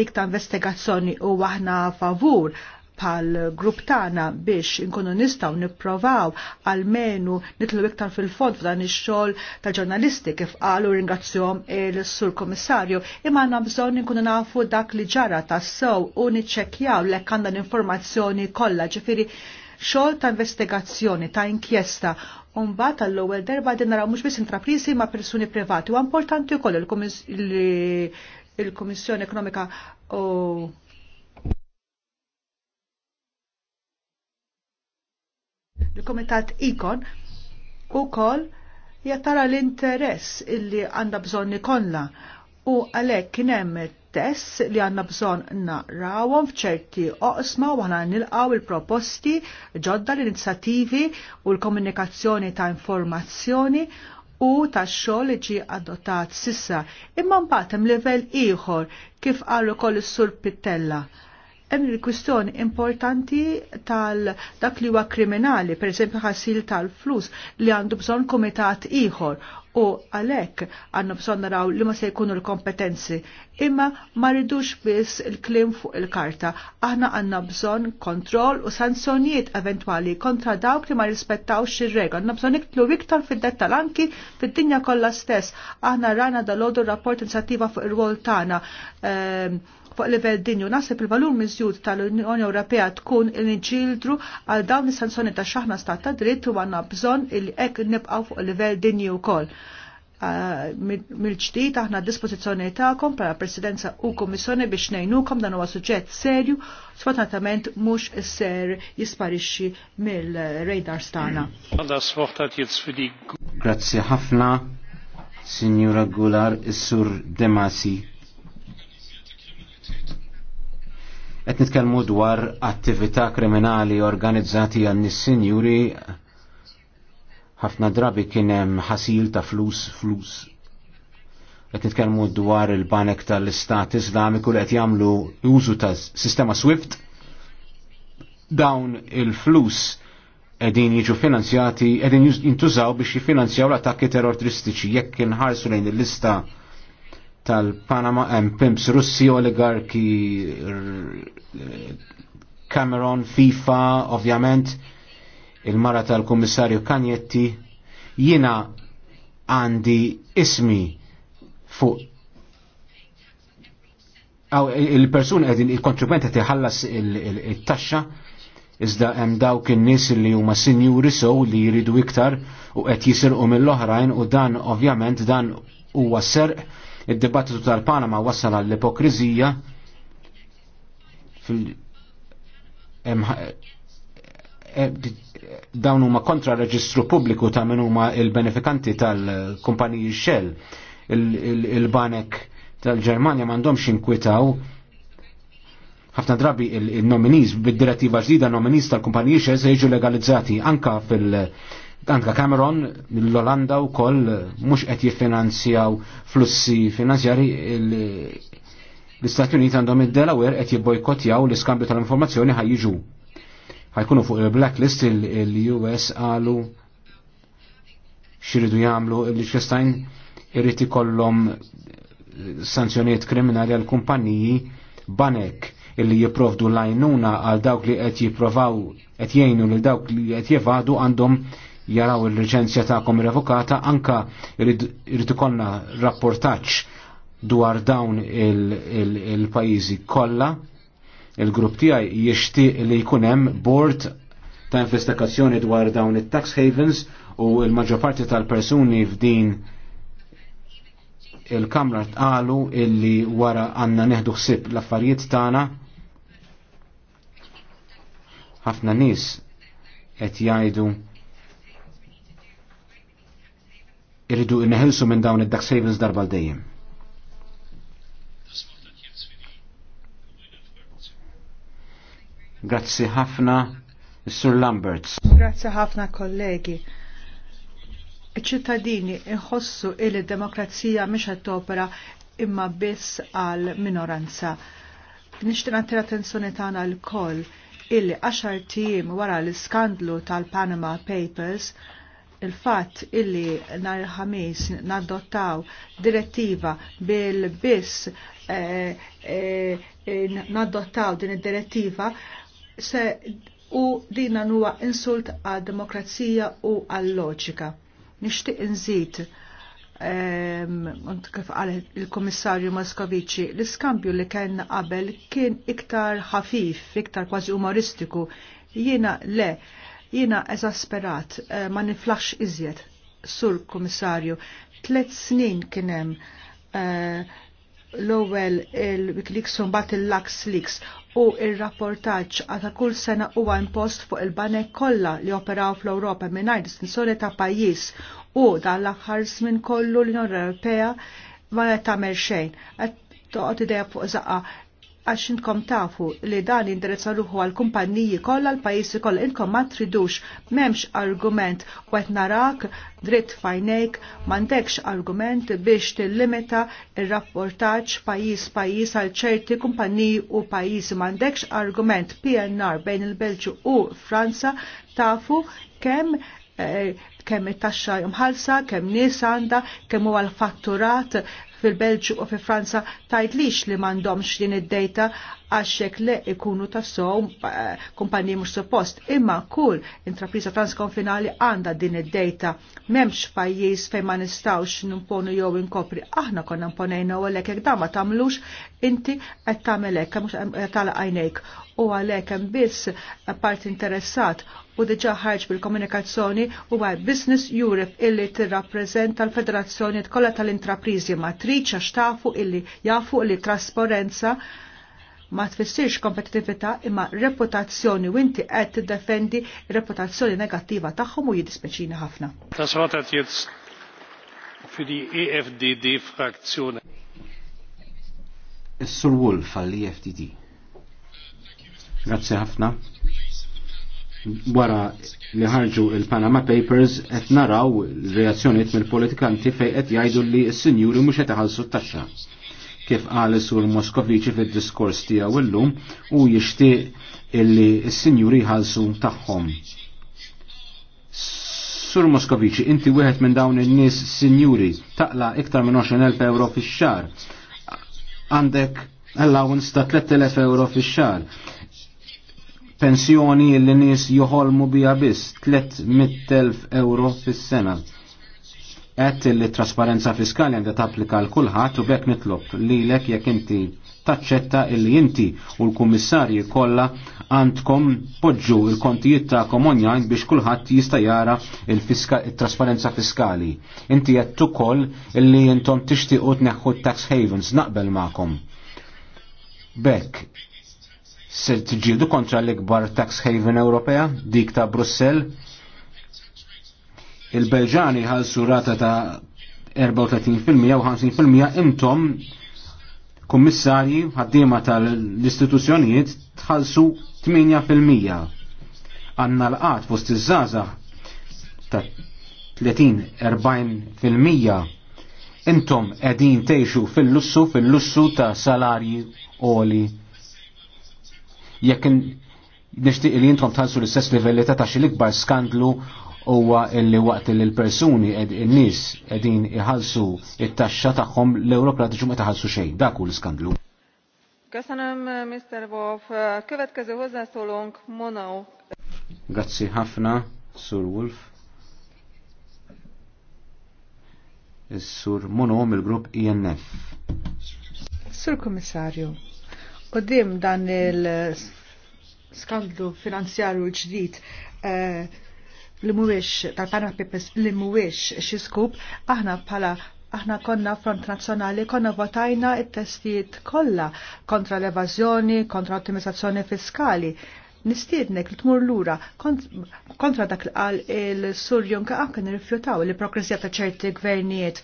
dik ta' investigazzjoni u aħna favur pal grupp tagħna biex inkunu nistgħu nipprovaw għalmenu nitlu iktar fil-fond f'dan ix-xogħol ta' ġurnalisti kif qalu ringrazzjom il-Sur Kommissarju imma għandna bżonn inkunu nafu dak li ġara tas-sew u niċċekkjaw lek għandna l-informazzjoni kollha ġifieri xogħol ta' investigazzjoni ta' inkjesta Umbat għall ewwel darba din naraw mhux biss intrapriżi ma' persuni privati u importanti wkoll il-Kummissjoni Ekonomika u il-Komitat Ikon u kol jattara l-interess illi għanda bżon nikonla u għalek kienem tess li għanna bżon naqrawom fċerti oqsma u għana nilqaw il-proposti ġodda l-inizjativi u l-komunikazzjoni ta' informazzjoni u ta' xogħol li ġi adottat sissa imma mbagħad hemm livell ieħor kif qalu koll is-sur Pittella hemm il-kwistjoni importanti tal dak li huwa kriminali, pereżempju ħassil tal-flus li għandu bżonn kumitat ieħor u għalhekk għandu bżonn naraw li ma se jkunu l-kompetenzi. Imma ma ridux biss il-klim fuq il-karta. Aħna għandna bżonn kontroll u sanzjonijiet eventwali kontra dawk li ma rispettawx ir-regola. Għandna bżonn iktlu iktar fid-dettal anki fid-dinja kollha stess. Aħna rana dal-għodu rapport inizjattiva fuq ir-rwol tagħna. Ehm, fuq livell dinju. nasib il-valur miżjud tal-Unjoni Ewropea tkun inġildru għal dawn is-sanzjoni ta' xaħna stat ta' dritt u għandna bżonn il hekk nibqgħu fuq livell dinju wkoll. Ah, mill-ġdid aħna dispożizzjoni tagħkom bħala Presidenza u komissjoni biex ngħinukom dan huwa suġġett serju, sfortunatament mhux isser jisparixxi mill-radar stana. Grazzi ħafna, Signora Gular, is-Sur Demasi. qed nitkellmu dwar attività kriminali organizzati għan nis-sinjuri ħafna drabi kien hemm ħasil ta' flus flus. Qed nitkellmu dwar il-banek tal-Istat Islamiku li qed jagħmlu użu ta' sistema Swift. Dawn il-flus qegħdin jiġu finanzjati, qegħdin jintużaw biex jifinanzjaw l-attakki terroristiċi jekk inħarsu lejn il-lista il lista tal-Panama hemm pimps Russi oligarki Cameron, FIFA, ovvjament, il-mara tal-Kummissarju Kanjetti, jina għandi ismi fuq għaw il-persun għedin il-kontribwent tiħallas iħallas il-taxxa, iżda hemm dawk in-nies li huma sinjuri sow li jridu iktar u qed jisirqu mill-oħrajn u dan ovvjament dan huwa serq Id-dibattitu tal-Panama wassal għall-ipokrizija fil- dawn huma kontra reġistru pubbliku ta' min huma il-benefikanti tal-kumpaniji Shell il-banek tal-Ġermanja m'għandhomx inkwitaw ħafna drabi il nominiz bid-direttiva ġdida nominiz tal-kumpaniji Shell se jiġu legalizzati anka fil- Anka Cameron mill-Olanda u koll mux qed jiffinanzjaw flussi finanzjari l-Istati Uniti għandhom id-Delaware qed jibbojkotjaw l-iskambju tal-informazzjoni ħajjiġu. Ħajkunu fuq il-blacklist il-US għalu xiridu jagħmlu l-Liechtenstein irrid ikollhom sanzjoniet kriminali għal kumpaniji banek illi jiprovdu lajnuna għal dawk li qed jipprovaw qed jgħinu lil dawk li qed jevadu għandhom jaraw il-liċenzja ta'kom revokata anka irrid ikollna rapportaġġ dwar dawn il-pajjiżi il, il kollha il-grupp tiegħi jixtieq li jkun hemm board ta' investigazzjoni dwar dawn it-tax havens u l-maġġor parti tal-persuni f'din il-kamra tqalu illi wara għanna neħdu xsib l-affarijiet tagħna ħafna nies qed jgħidu irridu inħelsu minn dawn id-dak savings darba l-dejjem. Grazzi ħafna, Sir Lamberts. Grazzi ħafna kollegi. Iċ-ċittadini inħossu il-demokrazija mhix qed opera imma biss għal minoranza. Nixtieq attira attenzjoni tagħna l-koll illi għaxar tim wara l-iskandlu tal-Panama Papers il-fatt illi nar ħamis nadottaw direttiva bil-biss eh, eh, eh, nadottaw din id-direttiva se u din huwa insult għad demokrazija u għal loġika. Nixtieq inżid ehm, kif qal il-Komissarju Moskovici, l-iskambju li kien qabel kien iktar ħafif, iktar kważi umoristiku. Jiena le, Jiena eżasperat eh, ma niflax iżjed sur komissarju. Tlet snin kienem eh, l-ewwel il-Wikileaks u mbagħad il-Lux Leaks u il-rapportaġġ għata kull sena huwa impost fuq il-banek kollha li operaw fl-Ewropa mingħajr distinzjoni ta' pajjiż u dan l-aħħar żmien kollu l-Unjoni Ewropea ma tagħmel xejn. Qed toqgħod idea fuq żaqqa għax inkom tafu li dan indirizza ruħu għal kumpanniji kollha l pajjiżi koll inkom ma tridux m'hemmx argument u qed narak dritt fajnejk m'għandekx argument biex tillimita ir-rapportaġġ pajjiż pajjiż għal ċerti kumpanniji u pajjiżi m'għandekx argument PNR bejn il-Belġu u Franza tafu kemm eh, kemm it-taxxa jumħalsa, kemm nies għandha, kemm huwa l-fatturat fil-Belġu u fil Franza tajt lix li mandomx din id-data għaxek le ikunu tassow eh, kumpanji mux suppost. Imma kull intrapriza transkonfinali għanda din id-dejta. Memx pajjiż fejn ma nistawx nimponu jew inkopri. Aħna konna imponejna u għalek jek da ma tamlux inti qed tagħmel hekk għajnejk. U għalek hemm biss part interessat u diġa ħarġ bil-komunikazzjoni u għaj Business Europe illi tirrappreżenta l-Federazzjoni t-kolla tal-intrapriżi matriċa xtafu illi jafu illi trasparenza ma tfissirx kompetitività imma reputazzjoni u inti qed tiddefendi reputazzjoni negattiva tagħhom u jidispeċini ħafna. Das Wort hat jetzt für die EFDD Fraktion. Is-Sur Wolf għall-EFDD. Grazzi ħafna. Wara li ħarġu il-Panama Papers qed naraw reazzjonijiet mill-politikanti fejn qed jgħidu li s-sinjuri mhux qed iħallsu t-taxxa kif qal sur Moskoviċi fid-diskors tiegħu illum u jixtieq illi s-sinjuri ħalsu tagħhom. Sur Moskoviċi, inti wieħed minn dawn in-nies sinjuri taqla iktar minn 20,000 euro fix-xar. Għandek allowance ta' 3,000 euro fix-xar. Pensjoni li nies joħolmu biha biss 300,000 euro fis-sena qed li trasparenza fiskali għandha tapplika l kulħadd u bekk nitlob lilek jekk inti taċċetta illi inti u l-kummissarji kollha għandkom poġġu il-kontijiet ta' online biex kulħadd jista' jara il-trasparenza fiskali. Inti qed ukoll illi intom tixtiequ tneħħu tax havens naqbel magħkom. Bekk se tiġġieldu kontra l-ikbar tax haven Ewropea dik ta' Brussell il-Belġani għal rata ta' 34% u 50% intom kummissarji ħaddiema tal-istituzzjonijiet tħalsu 8%. Għanna l-qat fost iż-żaza ta' 30-40% intom edin teħxu fil-lussu fil-lussu ta' salarji oli. Jekk nishtiq li intom tħalsu l-istess livelli ta' taxxi l-ikbar skandlu huwa illi waqt li l-persuni ed n-nies qegħdin iħallsu it-taxxa tagħhom l-Ewroplatiċi ma taħallsu xejn. Dak hu l-iskandlu. Köszönöm, Mr. Wolf. Következő hozzászólónk Monau. Grazzi ħafna, Sur Wolf. Is-Sur Monau mill-grupp INF. E Sur Komissarju, qudiem dan il-skandlu finanzjarju ġdid eh, li mhuwiex tal-Panama Papers li mhuwiex xi skup aħna bħala aħna konna front nazzjonali konna votajna it-testijiet kollha kontra l-evażjoni, kontra l-ottimizzazzjoni fiskali. Nistiednek li tmur lura kontra dak li qal il-Sur Junka anke nirrifjutaw li iprokrizija ta' ċerti gvernijiet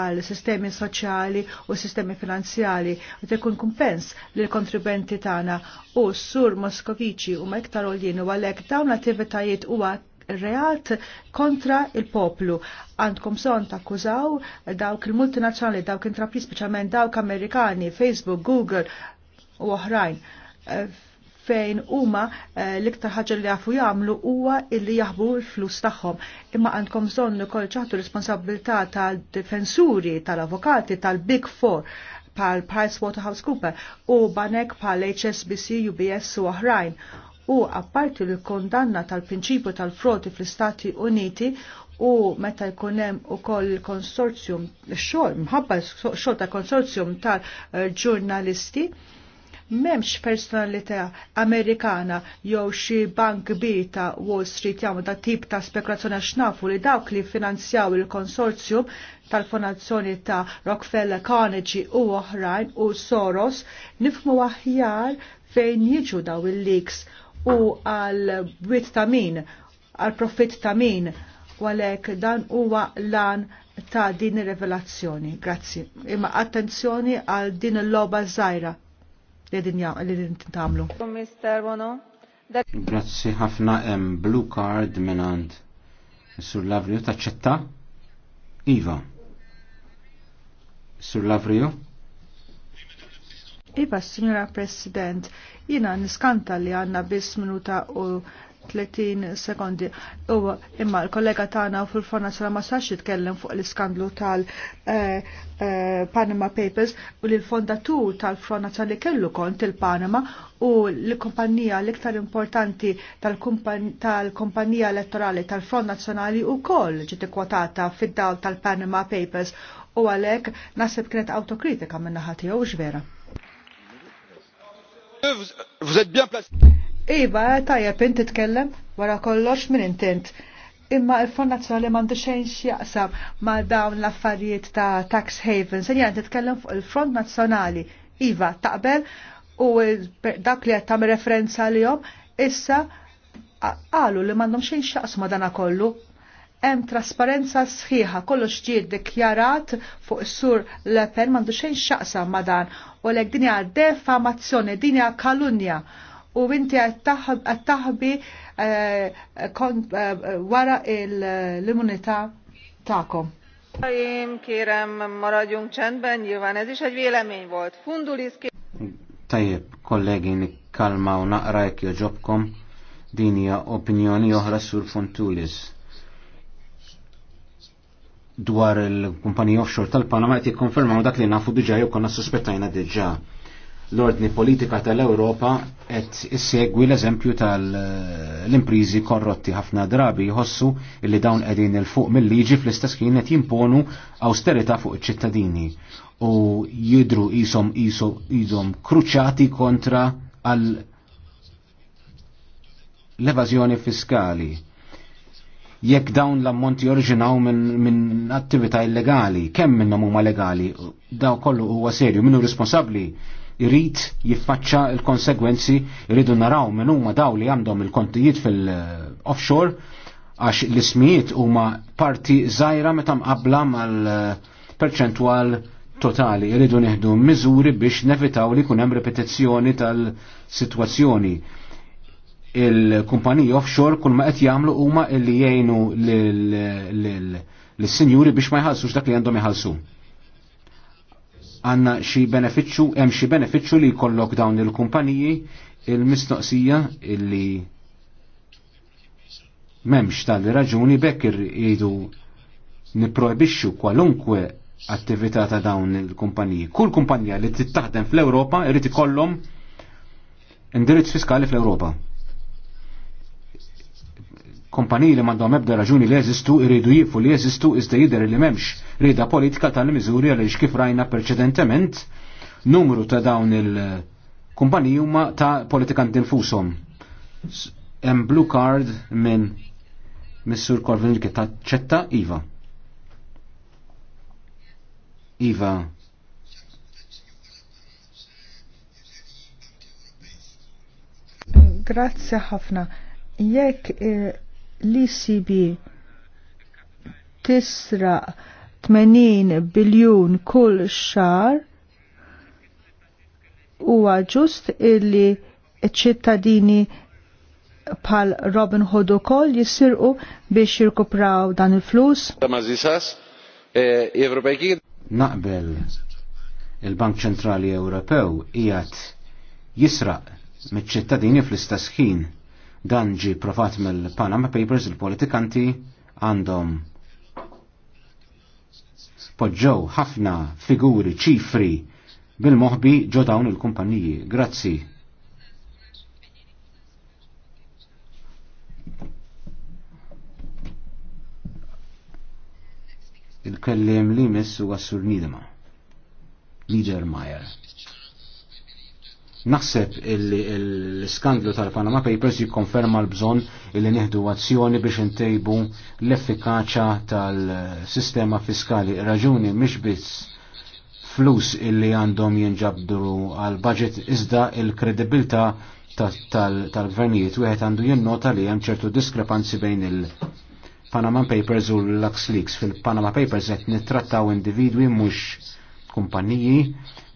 għal sistemi soċjali u sistemi finanzjali u tekun kumpens l kontribenti tagħna u s-sur Moskovici u ma iktar u għalhekk dawn l-attivitajiet huwa reat kontra il-poplu. Għandkom son takkużaw dawk il-multinazzjonali, dawk intrapriż speċjalment dawk Amerikani, Facebook, Google u oħrajn eh, fejn huma eh, l-iktar ħaġa li jafu jagħmlu huwa illi jaħbu l-flus tagħhom. Imma għandkom bżonn ukoll ċaħtu responsabilità tal-difensuri, tal-avukati, tal-Big Four pal PricewaterhouseCoopers u banek pal HSBC, UBS u oħrajn u apparti l-kondanna tal-prinċipju tal-frodi fl-Istati Uniti u meta jkun hemm ukoll konsorzjum xogħol mħabba xogħol ta' konsorzjum tal-ġurnalisti m'hemmx personalità Amerikana jew xi bank kbir ta' Wall Street jagħmlu da' tip ta' spekulazzjoni għax nafu li dawk li finanzjaw il-konsorzjum tal-fondazzjoni ta' Rockefeller, Carnegie u oħrajn u Soros nifmu aħjar fejn jiġu daw il-leaks u għal bwiet ta' min, għal profit ta' min, għalek dan huwa lan ta' din revelazzjoni. Grazzi. Imma attenzjoni għal din l-loba zaħira li din li din tintamlu. Grazzi ħafna em blue card minant. Sur Lavrio taċċetta? Iva. Sur Lavrio? Iba Signora President, jina niskanta li għanna bis minuta u 30 sekondi. U imma l-kollega tagħna fil-fona sala ma sax jitkellem fuq l-iskandlu tal-Panama eh, eh, Papers u li l-fondatur tal-Frona tal-li kellu kont il-Panama u l-kumpanija l-iktar importanti tal-kumpanija elettorali tal-Front Nazzjonali u koll ġiet ikkwotata fid-dawl tal-Panama Papers u għalhekk naħseb kienet autokritika minna naħa tiegħu vera. Eh, iva, tajjeb inti tkellem wara kollox minn intent. Imma il-Fond Nazzjonali mandu xejn x'jaqsam ma' dawn l-affarijiet ta' tax havens. jgħan titkellem fuq il-Front Nazzjonali. Iva, taqbel u dak li qed tagħmel referenza jom, issa qalu li m'għandhom xejn x'jaqsma dana kollu hemm trasparenza sħiħa, kollox ġie ddikjarat fuq is-sur Le Pen m'għandu xejn xaqsa ma' dan u lek din hija defamazzjoni, din hija kalunja u inti qed taħbi eh, eh, wara l-immunità tagħkom. Tajim, kérem, maradjunk csendben, nyilván ez is egy vélemény volt. Fundulis Tajib, kollegi, nikkalma u naqra jek joġobkom, dinja opinjoni oħra sur Funtulis dwar il-kumpanija offshore tal-Panama qed jikkonfermaw dak li nafu diġà jew konna sospettajna diġà. L-ordni politika tal-Ewropa qed issegwi l-eżempju tal-imprizi korrotti ħafna drabi jħossu li dawn qegħdin il fuq mill-liġi fl-istess ħin qed jimponu austerità fuq iċ-ċittadini u jidru isom isom kruċati kontra għal l-evażjoni fiskali jekk dawn l-ammonti jorġinaw minn attività illegali, kemm minnhom huma legali, daw kollu huwa serju, minnu responsabbli jrid jiffaċċa l-konsegwenzi irridu naraw minn huma daw li għandhom il-kontijiet fil-offshore għax l-ismijiet huma parti żgħira meta mqabbla mal-perċentwal totali irridu neħdu miżuri biex nevitaw li kun hemm repetizzjoni tal-sitwazzjoni il-kumpaniji offshore kull ma qed jagħmlu huma li jgħinu lis-sinjuri biex ma jħallsux dak li għandhom jħallsu. Għandna xi benefiċċju, hemm xi benefiċċju li jkollok dawn il-kumpaniji il-mistoqsija illi memx tal-raġuni bekk irridu niprojbixxu kwalunkwe attività ta' dawn il-kumpaniji. Kull kumpanija li tittaħdem fl-Ewropa irrid ikollhom indirizz fiskali fl-Ewropa. Kompaniji li mandom ebda raġuni li jeżistu irridu jifu li jeżistu iżda jidher li memx rida politika tal-miżuri għaliex kif rajna preċedentement numru ta' dawn il-kumpaniji huma ta' politikanti infushom. Hemm blue card minn Missur Korvin li ċetta Iva. Iva, Grazzi ħafna. Jekk eh, l-ECB tisra 80 biljun kull xar huwa ġust illi ċittadini pal Robin Hood ukoll jissirqu biex jirkupraw dan il-flus. E, Naqbel il-Bank Ċentrali Ewropew qiegħed jisraq miċ-ċittadini fl-istess ħin Dan ġi provat mill-Panama Papers il-politikanti għandhom poġġow ħafna figuri ċifri bil-moħbi ġo dawn il kumpanniji Grazzi. Il-kellim li messu għassur Nidema. Niedermayer. Naħseb l-skandlu tal-Panama Papers jikkonferma l-bżon li nieħdu azzjoni biex intejbu l-effikaċa tal-sistema fiskali. Raġuni mhix biss flus illi għandhom jinġabdu għal budget iżda il-kredibilta tal-gvernijiet wieħed għandu jinnota li hemm ċertu diskrepanzi bejn il- Panama Papers u l lux leaks. Fil-Panama Papers qed nittrattaw individwi mhux kumpaniji.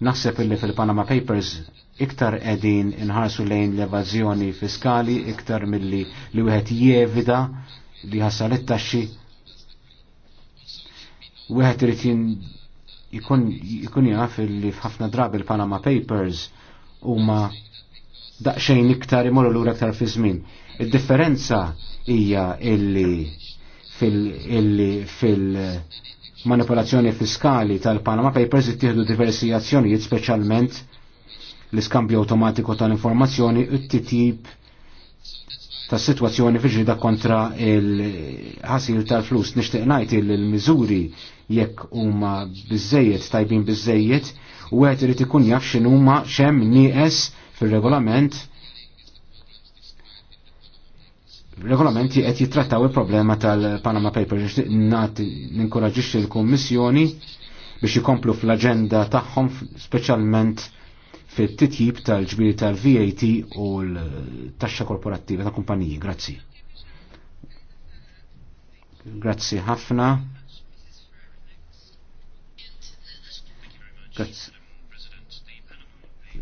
Naħseb illi fil-Panama Papers iktar edin inħarsu lejn l-evazjoni fiskali, iktar mill-li li wieħed jevida li ħassal it-taxxi. Wieħed irid jkun jaf li f'ħafna drabi il panama Papers huma daqsxejn iktar imorru lura iktar fi żmien. Id-differenza hija illi fil-illi fil manipolazzjoni fiskali tal-Panama Papers ittieħdu diversi azzjonijiet speċjalment l-iskambju automatiku tal-informazzjoni u t-titjib tas situazzjoni fiġida kontra il-ħasil tal-flus. Nishtiq najt il-mizuri jekk huma bizzejiet, tajbin bizzejiet, u għet irrit ikun jaf x'inhuma xem nieqes fil-regolament regolamenti qed jitrattaw il-problema tal-Panama Papers ninkoraġixxi l-Kummissjoni biex jikomplu fl-aġenda tagħhom speċjalment fit-titjib tal-ġbiri tal-VAT u l-taxxa korporattiva ta' kumpaniji. Grazzi. Grazzi ħafna. Grazzi.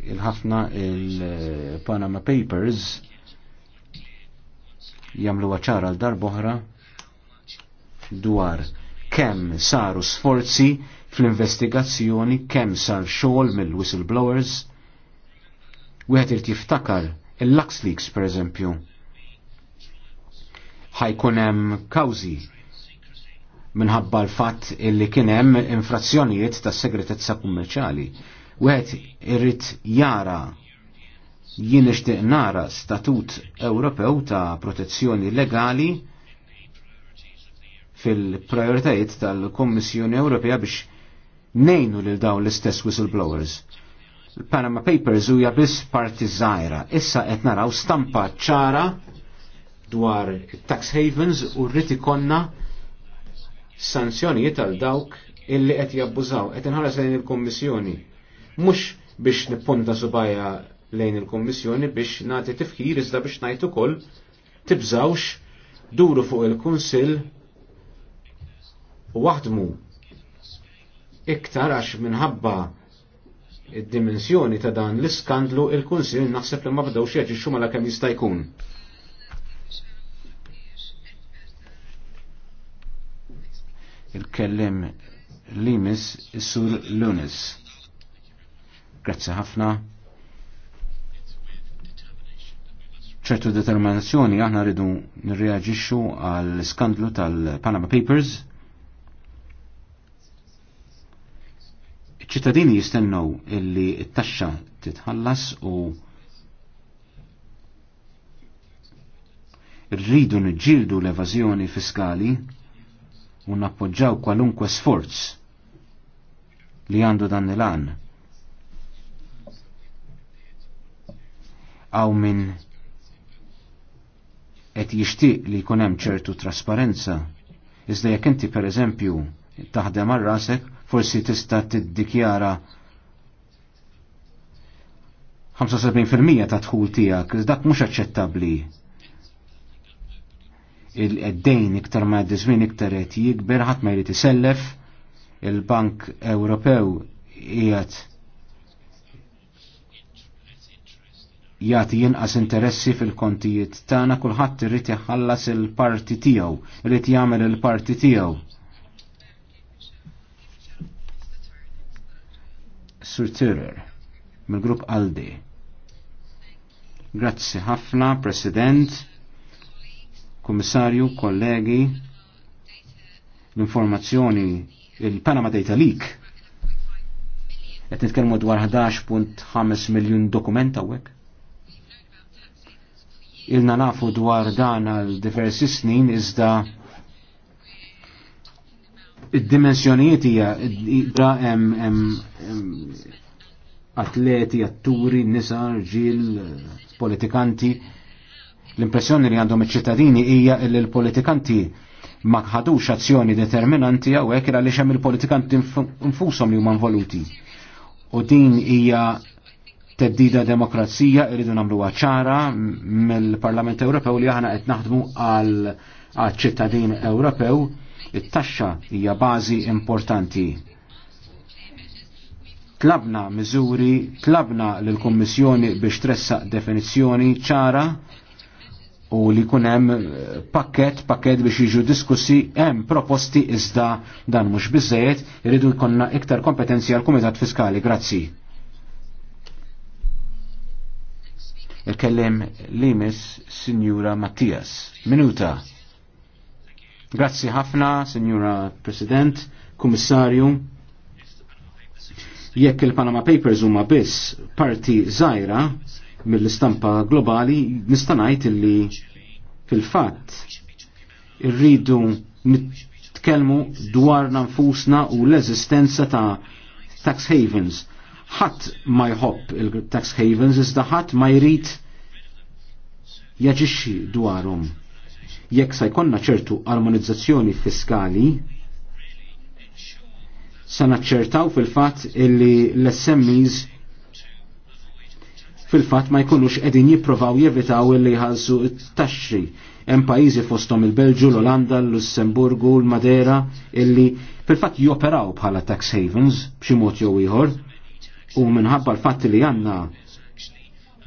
Il-ħafna il-Panama Papers jamlu għacħar għal darboħra dwar kemm saru sforzi fl-investigazzjoni kemm sar xogħol mill-whistleblowers Wieħed irid jiftakar il-Lux Leaks pereżempju. Ħajkun hemm kawżi minħabba l-fatt illi kien hemm infrazzjonijiet tas segretezza kummerċjali. Wieħed irrit jara jien nixtieq nara statut Ewropew ta' protezzjoni legali fil-prioritajiet tal-Kommissjoni Ewropea biex nejnu lil dawn l-istess whistleblowers. Panama Papers huja biss parti zaħira. Issa qed naraw stampa ċara dwar tax havens u rrid ikonna sanzjonijiet għal dawk illi qed jabbużaw. Qed inħares lejn il-Kummissjoni. Mhux biex nippunta subajja lejn il-Kummissjoni biex nagħti tifkir iżda biex ngħid ukoll tibżawx duru fuq il-Kunsill u waħdmu iktar għax minħabba id-dimensjoni ta' dan l-iskandlu il-Kunsil naħseb li ma bdewx jaġixxu mela kemm jista' jkun. il kellim Limis Sur Lunis. Grazzi ħafna. ċertu determinazzjoni aħna rridu nirreaġixxu għall iskandlu tal-Panama Papers ċittadini jistennew illi t-taxxa titħallas u rridu nġildu l-evażjoni fiskali u nappoġġaw kwalunkwe sforz li għandu dan il-għan. Għaw minn et jixtieq li jkun ċertu trasparenza. Iżda jekk inti pereżempju taħdem għal rasek forsi tista' tiddikjara 75% ta' dħul tiegħek, dak mhux aċċettabbli. Il-dejn iktar ma' d-dizmin iktar qed jikber ħadd ma jrid isellef, il-Bank Ewropew qiegħed jagħti jinqas interessi fil-kontijiet tagħna kulħadd irid iħallas il-parti tiegħu, irid jagħmel il-parti tiegħu. Surturer mill-grupp Aldi. Grazzi ħafna, President, Kommissarju, kollegi, l-informazzjoni, il-Panama Data Leak, qed nitkellmu dwar 11.5 miljun dokument hawnhekk. Ilna nafu dwar dan għal diversi snin iżda id-dimensjonijiet hija idra hemm atleti, atturi, nisa, rġil, politikanti. L-impressjoni li għandhom iċ-ċittadini hija li l-politikanti ma ħadux azzjoni determinanti hawnhekk ira li hemm il-politikanti infushom li huma involuti. U din hija teddida demokrazija irridu nagħmluha ċara mill-Parlament Ewropew li aħna qed naħdmu għal ċittadin Ewropew It-taxxa hija bażi importanti. Tlabna miżuri, tlabna lill kommissjoni biex tressaq definizzjoni ċara u li kun hemm eh, pakket, pakket biex jiġu diskussi, hemm proposti iżda dan mhux biżejjed, iridu jkollna iktar kompetenzi għal Kumitat Fiskali. Grazzi. Il-kellem limis Sinjura Mattias. Minuta. Grazzi ħafna, Signora President, Kummissarju. Jekk il-Panama Papers huma biss parti żgħira mill-istampa globali, nista' ngħid illi fil-fatt irridu nitkellmu dwar nfusna u l-eżistenza ta' tax havens. Ħadd ma jħobb il-tax havens iżda ħadd ma jrid jaġixxi dwarhom jekk sa jkollna ċertu armonizzazzjoni fiskali sa naċċertaw fil-fatt illi l-SMEs fil-fatt ma jkunux qegħdin jipprovaw jevitaw illi jħallsu t-taxxi. Hemm pajjiżi fosthom il-Belġu, l-Olanda, l-Lussemburgu, l-Madera illi fil-fatt joperaw bħala tax havens b'xi mod jew ieħor u minħabba l-fatt li għandna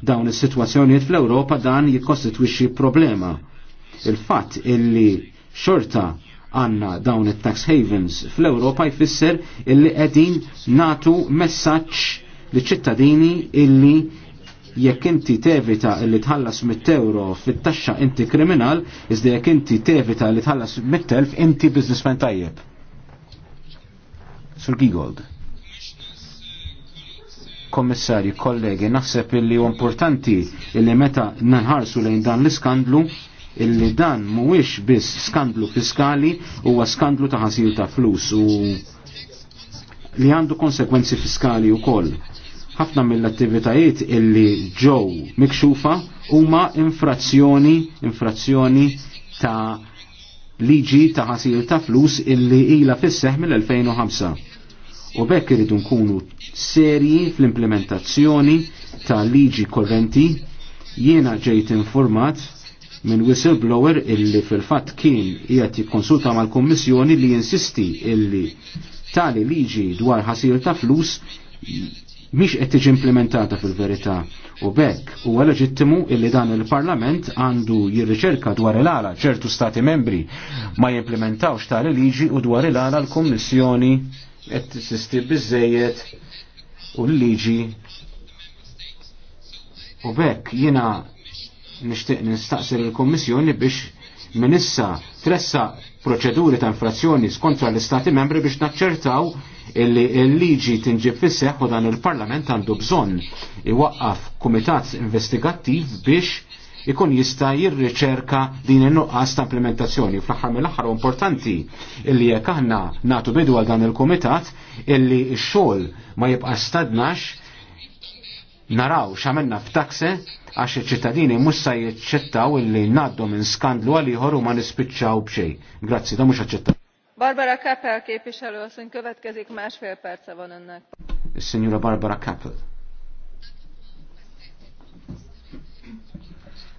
dawn is-sitwazzjonijiet fl-Ewropa dan jikkostitwixxi problema Il-fatt illi xorta għanna dawn it-tax havens fl-Ewropa jfisser illi qegħdin natu messaġġ li ċittadini illi jekk inti tevita illi tħallas mit euro fit-taxxa inti kriminal, iżda jekk inti tevita li tħallas mit elf inti businessman tajjeb. Sur Gigold. Kommissari, kollegi, naħseb illi importanti illi meta nanħarsu lejn dan l-iskandlu illi dan mhuwiex biss skandlu fiskali huwa skandlu ta' ħasir ta' flus u li għandu konsekwenzi fiskali wkoll. Ħafna mill-attivitajiet illi ġew mikxufa huma infrazzjoni infrazzjoni ta' liġi ta' ħasir ta' flus illi ila fisseħ mill-2005. U bekk iridu nkunu serji fl-implementazzjoni ta' liġi korrenti jiena ġejt informat minn whistleblower illi fil-fatt kien qiegħed jikkonsulta mal-Kummissjoni li jinsisti illi tali liġi dwar ħasir ta' flus mhix qed tiġi implementata fil-verità u bekk huwa leġittimu illi dan il-Parlament għandu jirriċerka dwar il-għala ċertu stati membri ma jimplementawx tali liġi u dwar il-għala l-Kummissjoni qed tisisti biżejjed u l-liġi u bekk jina nixtieq nistaqsir l-Kommissjoni biex minissa issa tressa proċeduri ta' infrazzjoni skontra l-Istati membri biex naċċertaw illi l-liġi tinġib fisseħ u dan il-Parlament għandu bżonn iwaqqaf kumitat investigattiv biex ikun jista jirriċerka din il nuqqas ta' implementazzjoni. Fl-aħħar mill-aħħar importanti illi jekk aħna nagħtu bidu għal dan il-kumitat illi x-xogħol ma jibqa' stadnax naraw xamenna f'takse għax iċ-ċittadini mhux se jiċċettaw illi naddu minn skandlu għal ieħor u ma nispiċċaw bċej. Grazzi, da mhux aċċettaw. Barbara Kappel képviselő asszony következik, másfél perce van önnek. Signora Barbara Kappel.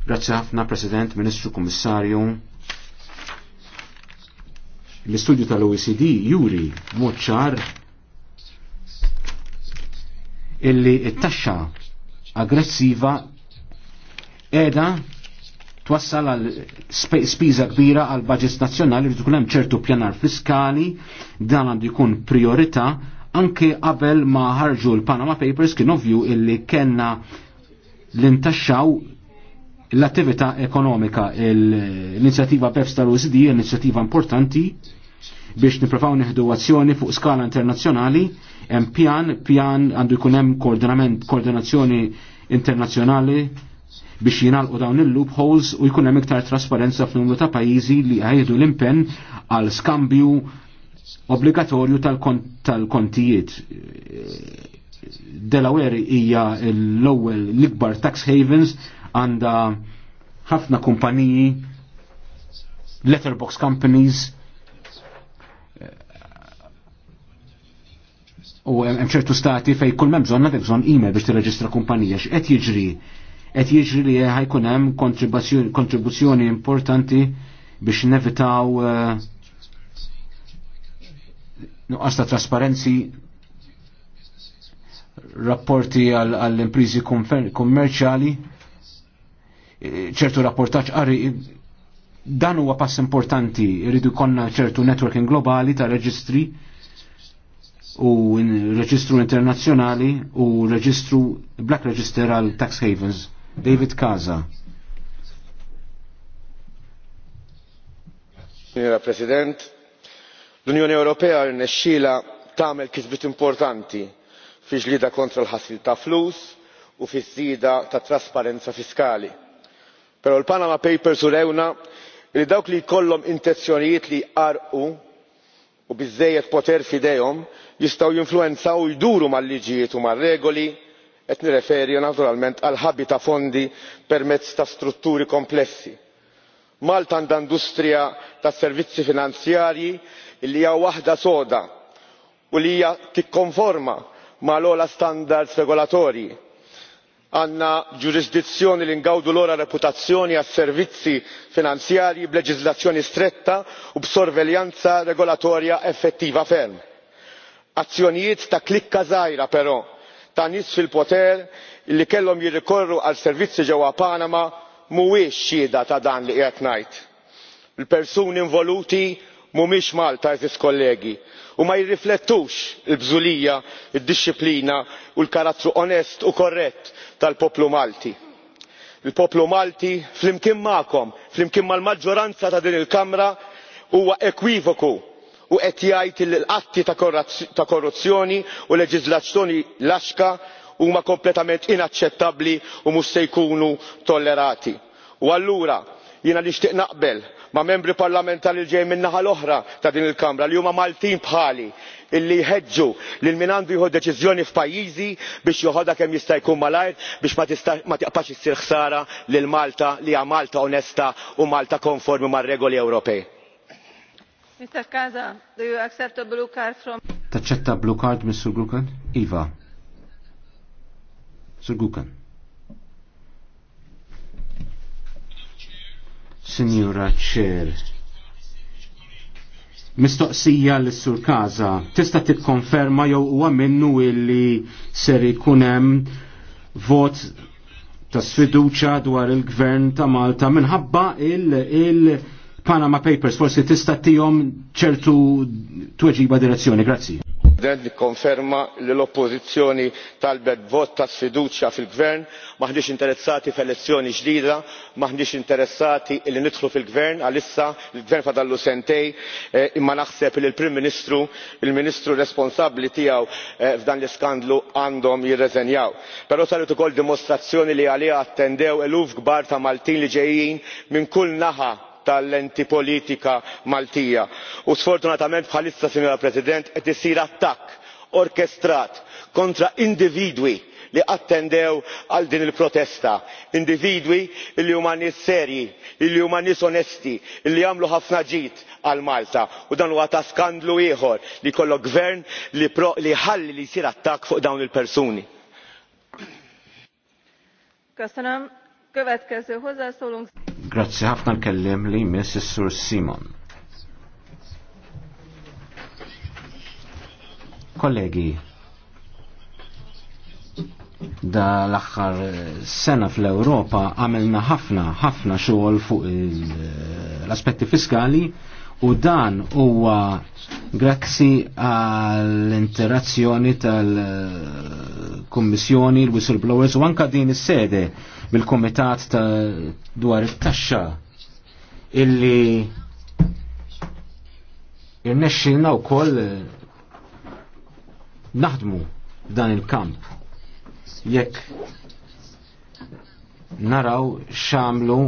Grazzi ħafna, President, Ministru, Kommissarju. L-istudju tal-OECD juri moċċar illi it-taxxa aggressiva edha twassal għal spiża kbira għal budgets nazzjonali li tkun hemm ċertu pjanar fiskali dan għandu jkun priorità anke qabel ma ħarġu l-Panama Papers kien ovvju illi kellna l-intaxxaw l-attività ekonomika l-inizjattiva BEPS tal-OSD inizjattiva importanti biex nipprovaw neħdu azzjoni fuq skala internazzjonali hemm pjan pjan għandu jkun hemm koordinament koordinazzjoni internazzjonali biex jinalqu dawn il-loopholes u jkun hemm iktar trasparenza f'numru ta' pajjiżi li għajdu l-impenn għal skambju obbligatorju tal-kontijiet. Delaware hija l-ewwel l-ikbar tax havens għandha ħafna kumpaniji letterbox companies u hemm ċertu stati fej kull m'hemm bżonn bżonn email biex tirreġistra kumpanija x'qed jiġri qed jiġri li ħajkun hemm kontribuzzjoni importanti biex nevitaw eh, nuqqas ta' trasparenzi rapporti għall-imprizi kummerċali eh, ċertu rapportaċ qari dan huwa pass importanti irridu jkollna ċertu networking globali ta' reġistri u reġistru internazzjonali u reġistru black register għal tax havens. David Kaza. Signora President, l-Unjoni Ewropea rnexxila tagħmel kisbit importanti fi ġlieda kontra l-ħasil ta' flus u fi żida ta' trasparenza fiskali. Però l-Panama Papers urewna li dawk li jkollhom intenzjonijiet li arqu u biżżejjed poter f'idejhom jistgħu jinfluwenzaw u jduru mal-liġijiet u mar-regoli qed nirreferi naturalment għal ħabi ta' fondi permezz ta' strutturi komplessi. malta għandha industrija tas-servizzi finanzjarji li hija waħda soda u li hija tikkonforma ma' l ogħla standards regolatorji. għandna ġurisdizzjoni li ngawdu l ogħla reputazzjoni għas servizzi finanzjarji b'leġiżlazzjoni stretta u b'sorveljanza regolatorja effettiva ferm. azzjonijiet ta' klikka żgħira però ta' nies fil poter li kellhom jirrikorru għal servizzi ġewwa panama mhuwiex xhieda ta' dan li qed ngħid. il persuni involuti mhumiex malta eżis kollegi u ma jirriflettux il bżulija id dixxiplina u l karattru onest u korrett tal poplu malti. il poplu malti flimkien magħkom flimkien mal maġġoranza ta' din il kamra huwa ekwivoku u qed jgħid li l-atti ta' korruzzjoni u leġiżlazzjoni laxka huma kompletament inaċċettabbli u mhux se jkunu tollerati. u allura jiena nixtieq naqbel ma' membri parlamentari li ġejjin min-naħa l-oħra ta' din il-kamra li huma maltin bħali illi jħeġġu lil min għandu jieħu deċiżjoni f'pajjiżi biex joħodha kemm jista' jkun malajr biex ma tibqax issir ħsara lil malta li hija malta onesta u malta konformi mar-regoli ewropej. Mr. Kaza, do you accept a blue card from... Taċċetta blue card, Mr. Gukan? Iva. Sir Gukan. Signora Chair. Mistoqsija l sur Kaza, tista tikkonferma jew huwa minnu illi ser ikun hemm vot ta' sfiduċa dwar il-gvern ta' Malta minħabba il-, il Panama Papers forsi tista' tihom ċertu tweġiba direzzjoni. Grazzi. President nikkonferma li l-oppożizzjoni talbet vot ta' sfiduċja fil-gvern, maħniex interessati f'elezzjoni ġdida, maħniex interessati li nidħlu fil-gvern għalissa il-gvern fadallu sentej, eh, imma naħseb li l-Prim Ministru, il-Ministru responsabbli tiegħu eh, f'dan l-iskandlu għandhom jirreżenjaw. Però saret ukoll dimostrazzjoni li għaliha attendew eluf kbar ta' Maltin li ġejjin minn kull naħa tal-lenti politika maltija u sfortunatament bħalissa sinjora president qed isir attakk orkestrat kontra individwi li attendew għal din il protesta individwi li huma nies serji li huma nies onesti li jagħmlu ħafna ġid għal malta u dan huwa ta' skandlu ieħor li kollok gvern li ħalli li jsir attakk fuq dawn il persuni. Következő hozzászólunk. Grazie ħafna l kellem li jmiss sur Simon. Kollegi, da l-axħar sena fl-Europa għamilna ħafna, ħafna xogħol fuq eh, l-aspetti fiskali u dan huwa grazzi għall-interazzjoni tal-Kommissjoni, l-Whistleblowers u anka din is-sede bil-Komitat ta' dwar it-taxxa illi irnexxilna wkoll naħdmu dan il-kamp jekk naraw xamlu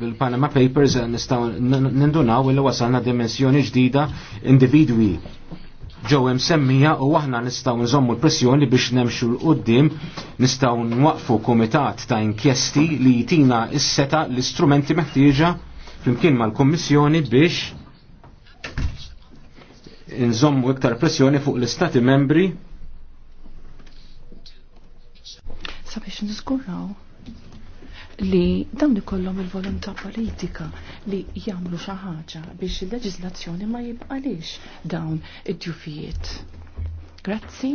bil-Panama Papers eh, nistaw nindunaw illi wasalna dimensjoni ġdida individwi ġew semmija u aħna nistgħu nżommu l-pressjoni biex nemxu l qudiem nistgħu nwaqfu kumitat ta' inkjesti li jtina s-seta l-istrumenti meħtieġa flimkien mal kummissjoni biex nżommu iktar pressjoni fuq l-Istati membri sabiex li dawn ikollhom il-volontà politika li jagħmlu xi ħaġa biex il-leġiżlazzjoni ma jibqalix dawn id-djufijiet. Grazzi.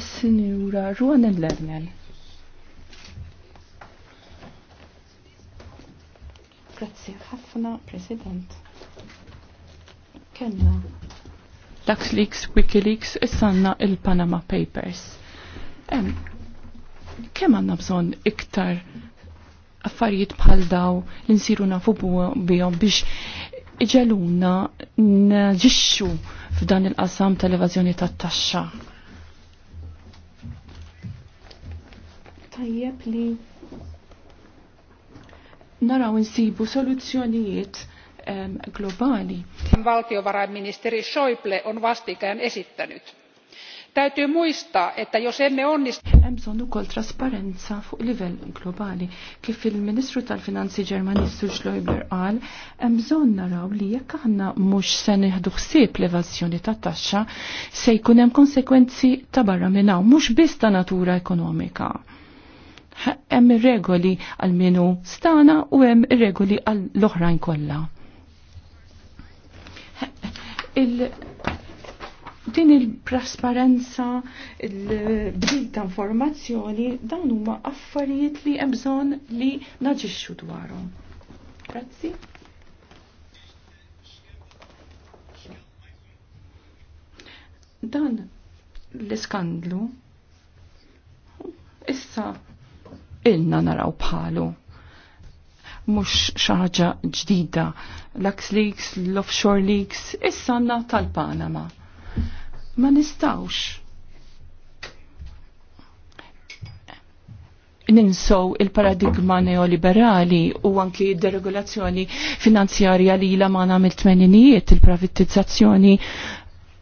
Is-Sinjura Ruan Lernel. Grazzi ħafna, President. Kenna. Dak leaks, Wikileaks, issanna il-Panama Papers Kemm għandna bżonn iktar affarijiet bħal daw li nsiru nafu bihom biex iġeluna naġiċu f'dan il-qasam tal-evażjoni tat-taxxa. Tajjeb li naraw insibu soluzzjonijiet globali. Valtiovarainministeri Schäuble on vastikään esittänyt Täytyy muistaa, että jos emme onnistu... Hemm bżonn ukoll trasparenza fuq livell globali. Kif il-Ministru tal-Finanzi Ġermanis Schleubler qal, hemm bżonn naraw li jekk aħna mhux se nieħdu ħsieb l-evażjoni tat-taxxa se jkun hemm konsekwenzi ta' barra minn hawn mhux biss ta' natura ekonomika. Hemm regoli għal minu stana u hemm regoli għall oħrajn kollha din il prasparenza il-bdil ta' informazzjoni, dawn huma affarijiet li hemm bżonn li naġixxu dwarhom. Grazzi. Dan l-iskandlu issa ilna naraw bħalu mux xaġa ġdida l axleaks l-Offshore Leaks, issa għanna tal-Panama. Ma nistawx. ninsow il-paradigma neoliberali u anki deregolazzjoni finanzjarja li la mana mill-tmeninijiet il-privatizzazzjoni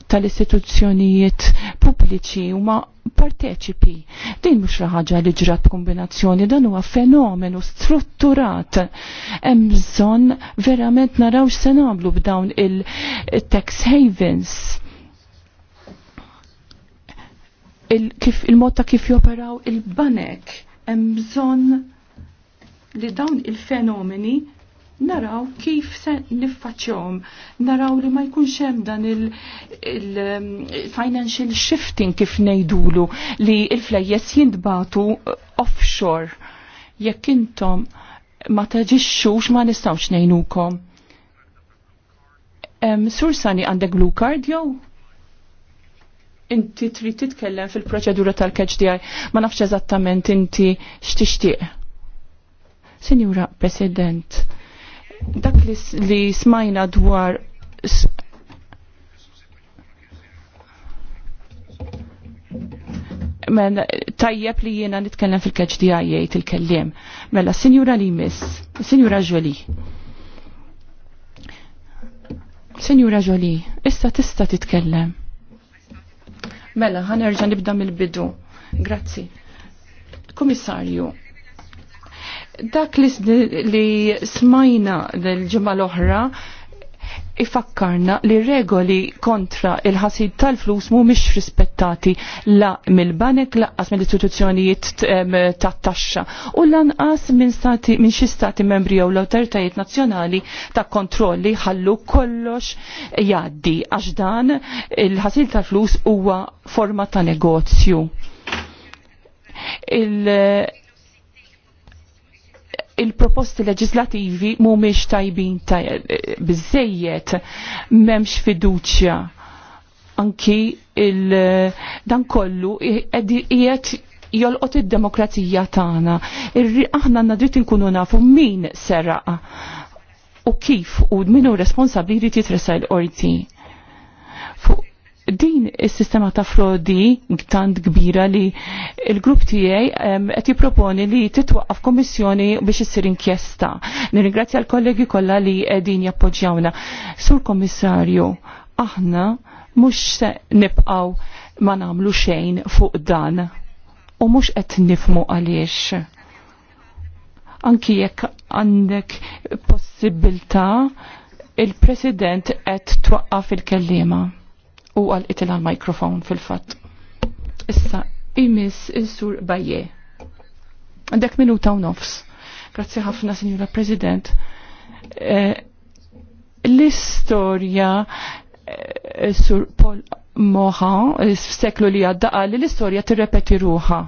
tal-istituzzjonijiet pubbliċi u ma parteċipi. Din mhux raħġa li ġrat kombinazzjoni, dan huwa fenomenu strutturat. Hemm bżonn verament naraw x'se nagħmlu b'dawn il-tax havens il-mod ta' kif joperaw il-banek hemm bżonn li dawn il-fenomeni naraw kif se niffaċjom, naraw li ma jkunx hemm dan il-financial il shifting kif ngħidulu li l-flejjes jintbatu offshore. Jekk intom ma taġixxux ma nistgħux ngħinukom. Um, Sursani għandek blue card jew? inti trid titkellem fil-proċedura tal-KHDI, ma nafx eżattament inti x'tixtieq. Sinjura President, dak li, li smajna dwar Men tajjeb li jiena nitkellem fil-KHDI jgħid il-kelliem. Mela, Sinjura Limis, Sinjura Ġoli. Senjura Ġoli, issa tista' titkellem. Mela, ħanerġa nibda mill-bidu. Grazzi. Komissarju, dak li, smajna l-ġimgħa l-oħra ifakkarna li regoli kontra il-ħasid tal-flus mhumiex rispettati la mill-banek laqqas mill-istituzzjonijiet tat-taxxa u lanqas minn stati minn xi stati membri jew l-awtoritajiet nazzjonali ta' kontrolli ħallu kollox jgħaddi għax dan il-ħasil tal-flus huwa forma ta' negozju. Il- il-proposti leġislativi mumiex tajbin eh, bizzejiet memx fiduċja anki il dan kollu jiet jolqot id-demokrazija tagħna. Aħna għandna dritt inkunu nafu min serraqa u kif u min hu responsabbli jrid jitresa l-qorti. Fuq din is-sistema ta' frodi tant kbira li il-grupp tiegħi qed jipproponi li titwaqqaf kommissjoni biex issir inkjesta. Nirringrazzja l-kollegi kollha li qegħdin jappoġġjawna. Sur Kommissarju, aħna mhux se nibqgħu ma nagħmlu xejn fuq dan u mhux qed nifmu għaliex. Anki jekk għandek possibilità il-President qed twaqqaf il-kellima u għal itil għal mikrofon fil-fat. Issa, imis il-sur bajje. Għandek minuta u nofs. Grazzi ħafna, Signora President. Eh, l-istoria eh, sur Paul Mohan, s seklu li għadda li l-istoria t-repeti ruħa.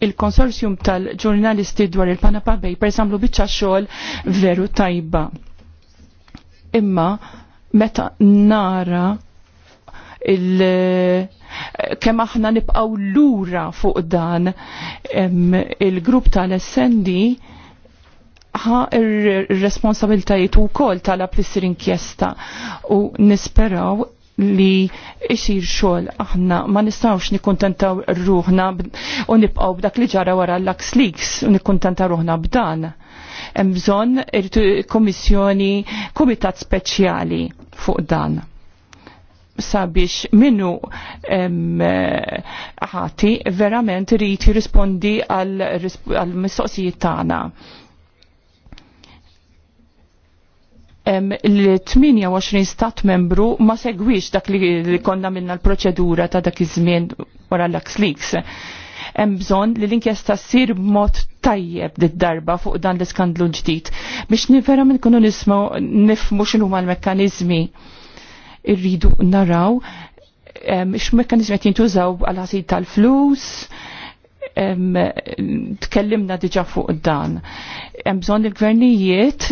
il konsorsium tal-ġurnalisti dwar il panapa Bay, per samlu bieċa xol veru tajba. Imma meta nara il kemm aħna nibqgħu lura fuq dan il-grupp tal-SND ħa ir-responsabiltajiet ukoll tal-app li ssir inkjesta u nisperaw li isir xogħol aħna ma nistgħux nikkuntentaw ruħna u nibqgħu b'dak li ġara wara l-Lux Leaks u nikkuntentaw ruħna b'dan. Hemm bżonn il-Kummissjoni Kumitat Speċjali fuq dan sabiex minnu ħati verament rrit jirrispondi għal-mistoqsijiet tagħna. L-28 stat membru ma segwix dak li konna minna l-proċedura ta' dak iż-żmien wara l-Axleaks. leaks hemm bżonn li l-inkjesta ssir b'mod tajjeb dit-darba fuq dan l-iskandlu ġdid biex nifera minn kunu nismu nifmu x'inhuma l-mekkaniżmi irridu naraw x-mekanizmi jintużaw għal-ħasid tal-flus, tkellimna diġa fuq dan. Bżon il-gvernijiet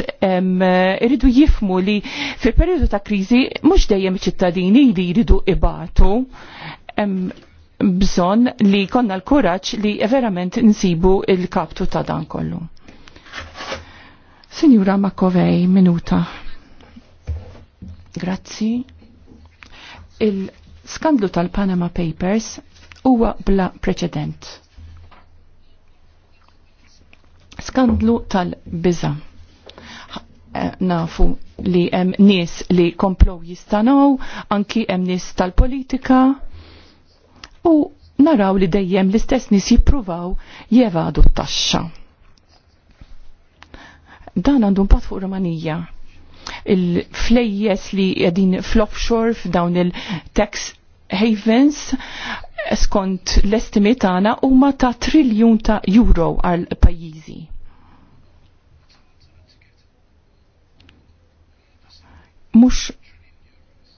irridu jifmu li fil periodu ta' krizi mux dejjem ċittadini li jridu ibatu bżon li konna l-kuraċ li verament nsibu il-kaptu ta' dan kollu. Signora Makovej, minuta. Grazzi. Il-skandlu tal-Panama Papers huwa bla preċedent. Skandlu tal-biza. Eh, nafu li hemm nies li komplow jistanaw, anki hemm nies tal-politika, u naraw li dejjem l-istess nis jippruvaw jevadu t-taxxa. Dan għandu mpat fuq Romanija. Il-flejjes li jedin fl-offshore f'dawn il-tax havens skont l-estimi tagħna huma ta' triljun ta' euro għal pajjiżi. Mhux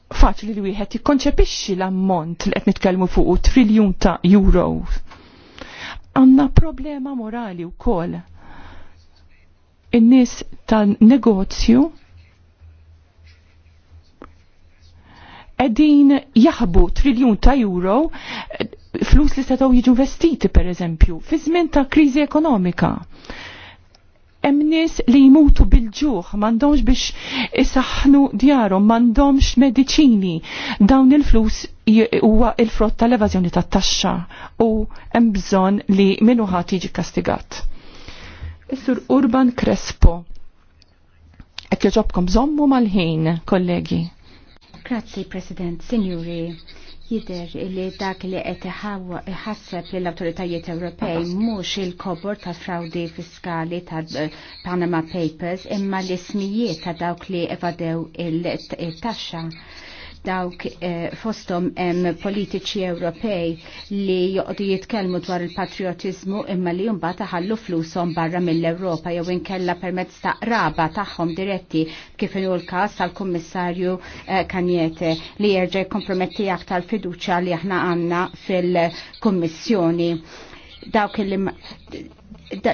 faċli li wieħed jikkonċepixxi l-ammont li qed nitkellmu fuq triljun ta' euro. Għandna problema morali wkoll. In-nies tan-negozju qegħdin jaħbu triljun ta' euro eh, flus li setgħu jiġu vestiti pereżempju fi żmien ta' kriżi ekonomika hemm nies li jmutu bil-ġuħ, m'għandhomx biex isaħħnu djarhom, m'għandhomx mediċini. Dawn il-flus huwa il-frott tal-evażjoni tat-taxxa u hemm bżonn li minn ħadd jiġi kastigat. Is-Sur Urban Crespo. ekkieġobkom zommu mal-ħin, kollegi. Grazzi, President, Signori. Jider li dak li qed iħasseb lill awtoritajiet Ewropej mhux il-kobor ta' fraudi fiskali ta' Panama Papers imma l-ismijiet ta' dawk li evadew il-taxxa. il taxxa dawk eh, fostom em politiċi Ewropej li joqdu jitkellmu dwar il-patriotizmu imma li jumbata ħallu flusom barra mill-Ewropa jew inkella permezz ta' raba tagħhom diretti kif inhu l-każ tal-Kummissarju eh, Kanjete li jerġa' jkomprometti aktar fiduċja li aħna għandna fil-Kummissjoni dawk li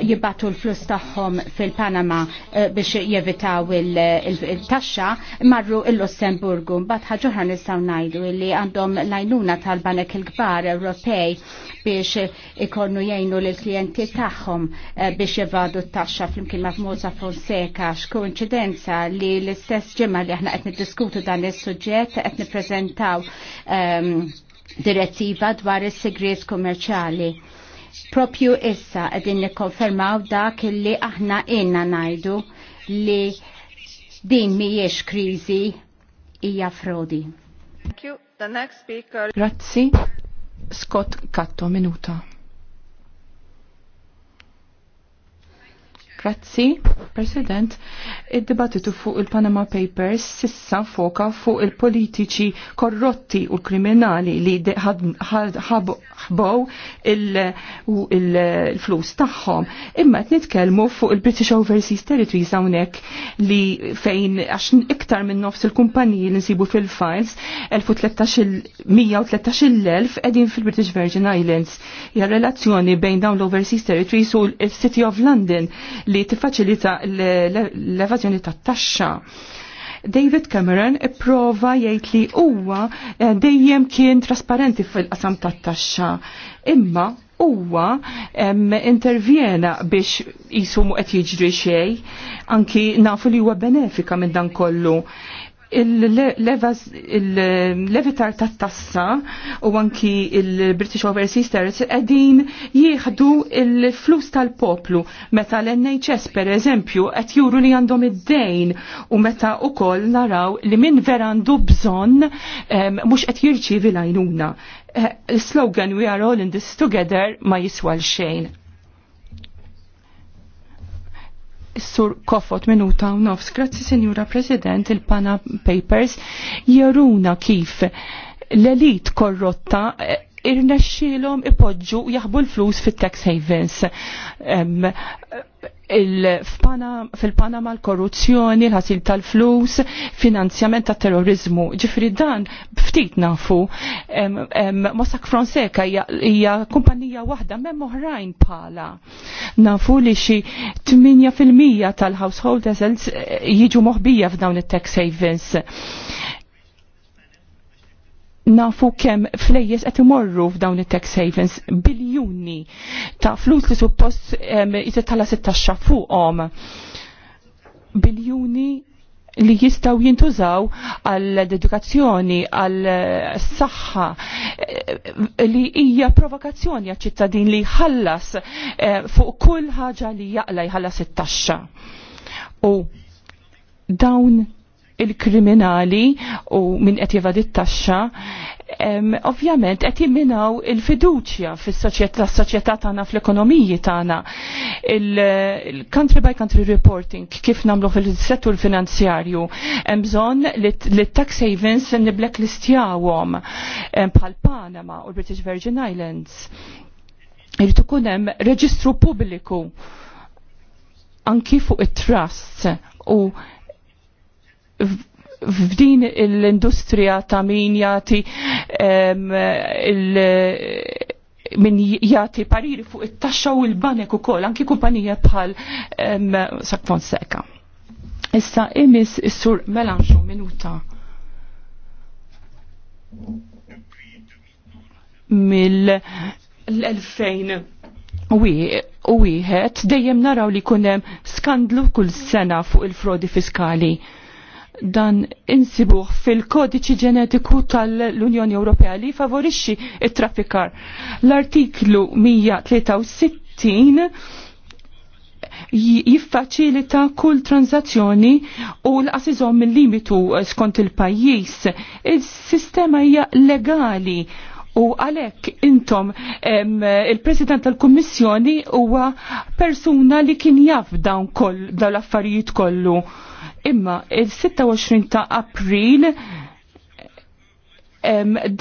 jibbatu l-flus tagħhom fil-Panama eh, biex jevitaw il-taxxa marru il-Lussemburgu. Mbagħad ħaġa nistgħu ngħidu li għandhom lajnuna tal-banek il-kbar Ewropej biex ikonnu jgħinu l klijenti tagħhom eh, biex jevadu t-taxxa flimkien ma' Mosa Fonseca Xkoincidenza li l-istess ġimgħa li aħna qed niddiskutu dan is-suġġett qed nippreżentaw ehm, direttiva dwar is-sigriet kummerċjali Propju issa qegħdin nikkonfermaw dak illi aħna inna ngħidu li din mhijiex kriżi hija frodi. Grazie. Grazzi. Scott Katto, minuta. Grazzi, President. Id-dibattitu fuq il-Panama Papers sissa foka fuq il-politiċi korrotti u kriminali li ħabbow il-flus tagħhom. Imma qed nitkellmu fuq il-British Overseas Territories hawnhekk li fejn għax iktar minn nofs il-kumpaniji li nsibu fil-files 113,000 qegħdin fil-British Virgin Islands. Hija relazzjoni bejn dawn l-Overseas Territories u l-City of London li tiffaċilita l-evażjoni tat-taxxa. David Cameron prova jgħid li huwa eh, dejjem kien trasparenti fil-qasam tat-taxxa. Imma huwa intervjena biex jisumu qed jiġri xejn, anki nafu li huwa benefika minn dan kollu il-levitar tat tassa u anki il-British Overseas Terrorists qegħdin jieħdu il-flus tal-poplu meta l-NHS per eżempju qed juru li għandhom id-dejn u meta koll naraw li min vera għandu bżonn mhux qed jirċievi lajnuna. Eh, slogan we are all in this together ma jiswal xejn Sur Kofot minuta u nofs. Grazzi, Signora President, il-Pana Papers jaruna kif l-elit korrotta eh, irnexxilhom ipoġġu jaħbu l-flus fit-tax havens. Fil-Panama l-korruzzjoni, l-ħasil tal-flus, finanzjament ta' terrorizmu. Ġifri dan ftit nafu. Mossack Fonseca hija kumpanija waħda m'emm oħrajn pala. Nafu li xi 8% tal-household eh, jiġu moħbija f'dawn it-tax havens nafu kem flejjes qed imorru f'dawn it-tax havens biljuni ta' flus li suppost sitta xafu fuqhom. Biljuni li jistaw jintużaw għall-edukazzjoni, għall-saħħa, eh, li hija provokazzjoni għal ċittadin li jħallas eh, fuq kull ħaġa li jaqla jħallas it-taxxa. U dawn il-kriminali u min qed jevad it-taxxa, ovvjament qed jimminaw il-fiduċja fis-soċjetà tagħna fl-ekonomiji tagħna. Il-country by country reporting kif nagħmlu fil-settur finanzjarju hemm bżonn li tax savings nibblacklistjawhom bħal Panama u British Virgin Islands. Irid ikun hemm reġistru pubbliku anki fuq it-trust u f'din l-industrija ta' min jati min jati pariri fuq it-taxxa u l-banek u kol, anki kumpanija bħal sakfon seka. Issa imis is-sur Melanxu minuta mill-2000 u wieħed dejjem naraw li kunem skandlu kull sena fuq il-frodi fiskali dan insibuħ fil-kodiċi ġenetiku tal-Unjoni Ewropea li favorixxi it-traffikar. L-artiklu 163 jiffaċilita kull tranzazzjoni u l-qasizom il-limitu skont il-pajjiż. Il-sistema hija legali u għalek intom il-President tal-Kommissjoni huwa persuna li kien jaf dawn kol, dawn l-affarijiet kollu Imma il-26 ta' April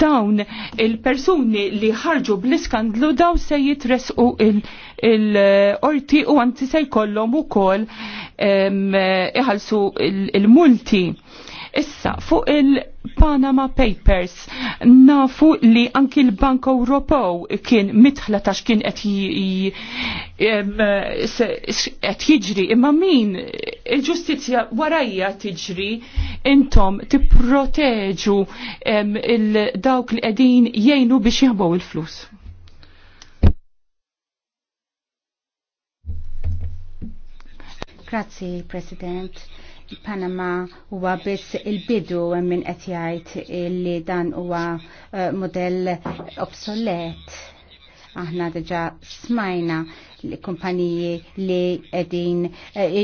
dawn il-persuni li ħarġu bl-iskandlu daw se jitresqu il-orti il u għanti se jkollhom ukoll iħalsu il-multi. il multi Issa, fuq il-Panama Papers, nafu li anki l-Bank Ewropew kien mitħla ta' xkien qed jiġri, imma min il-ġustizzja warajja tiġri intom tipproteġu il-dawk li qegħdin jgħinu biex jaħbow il-flus. Grazzi, President Panama huwa biss il-bidu minn qed jgħid li dan huwa eh, modell obsolet. Aħna diġà smajna li kumpaniji li qegħdin eh,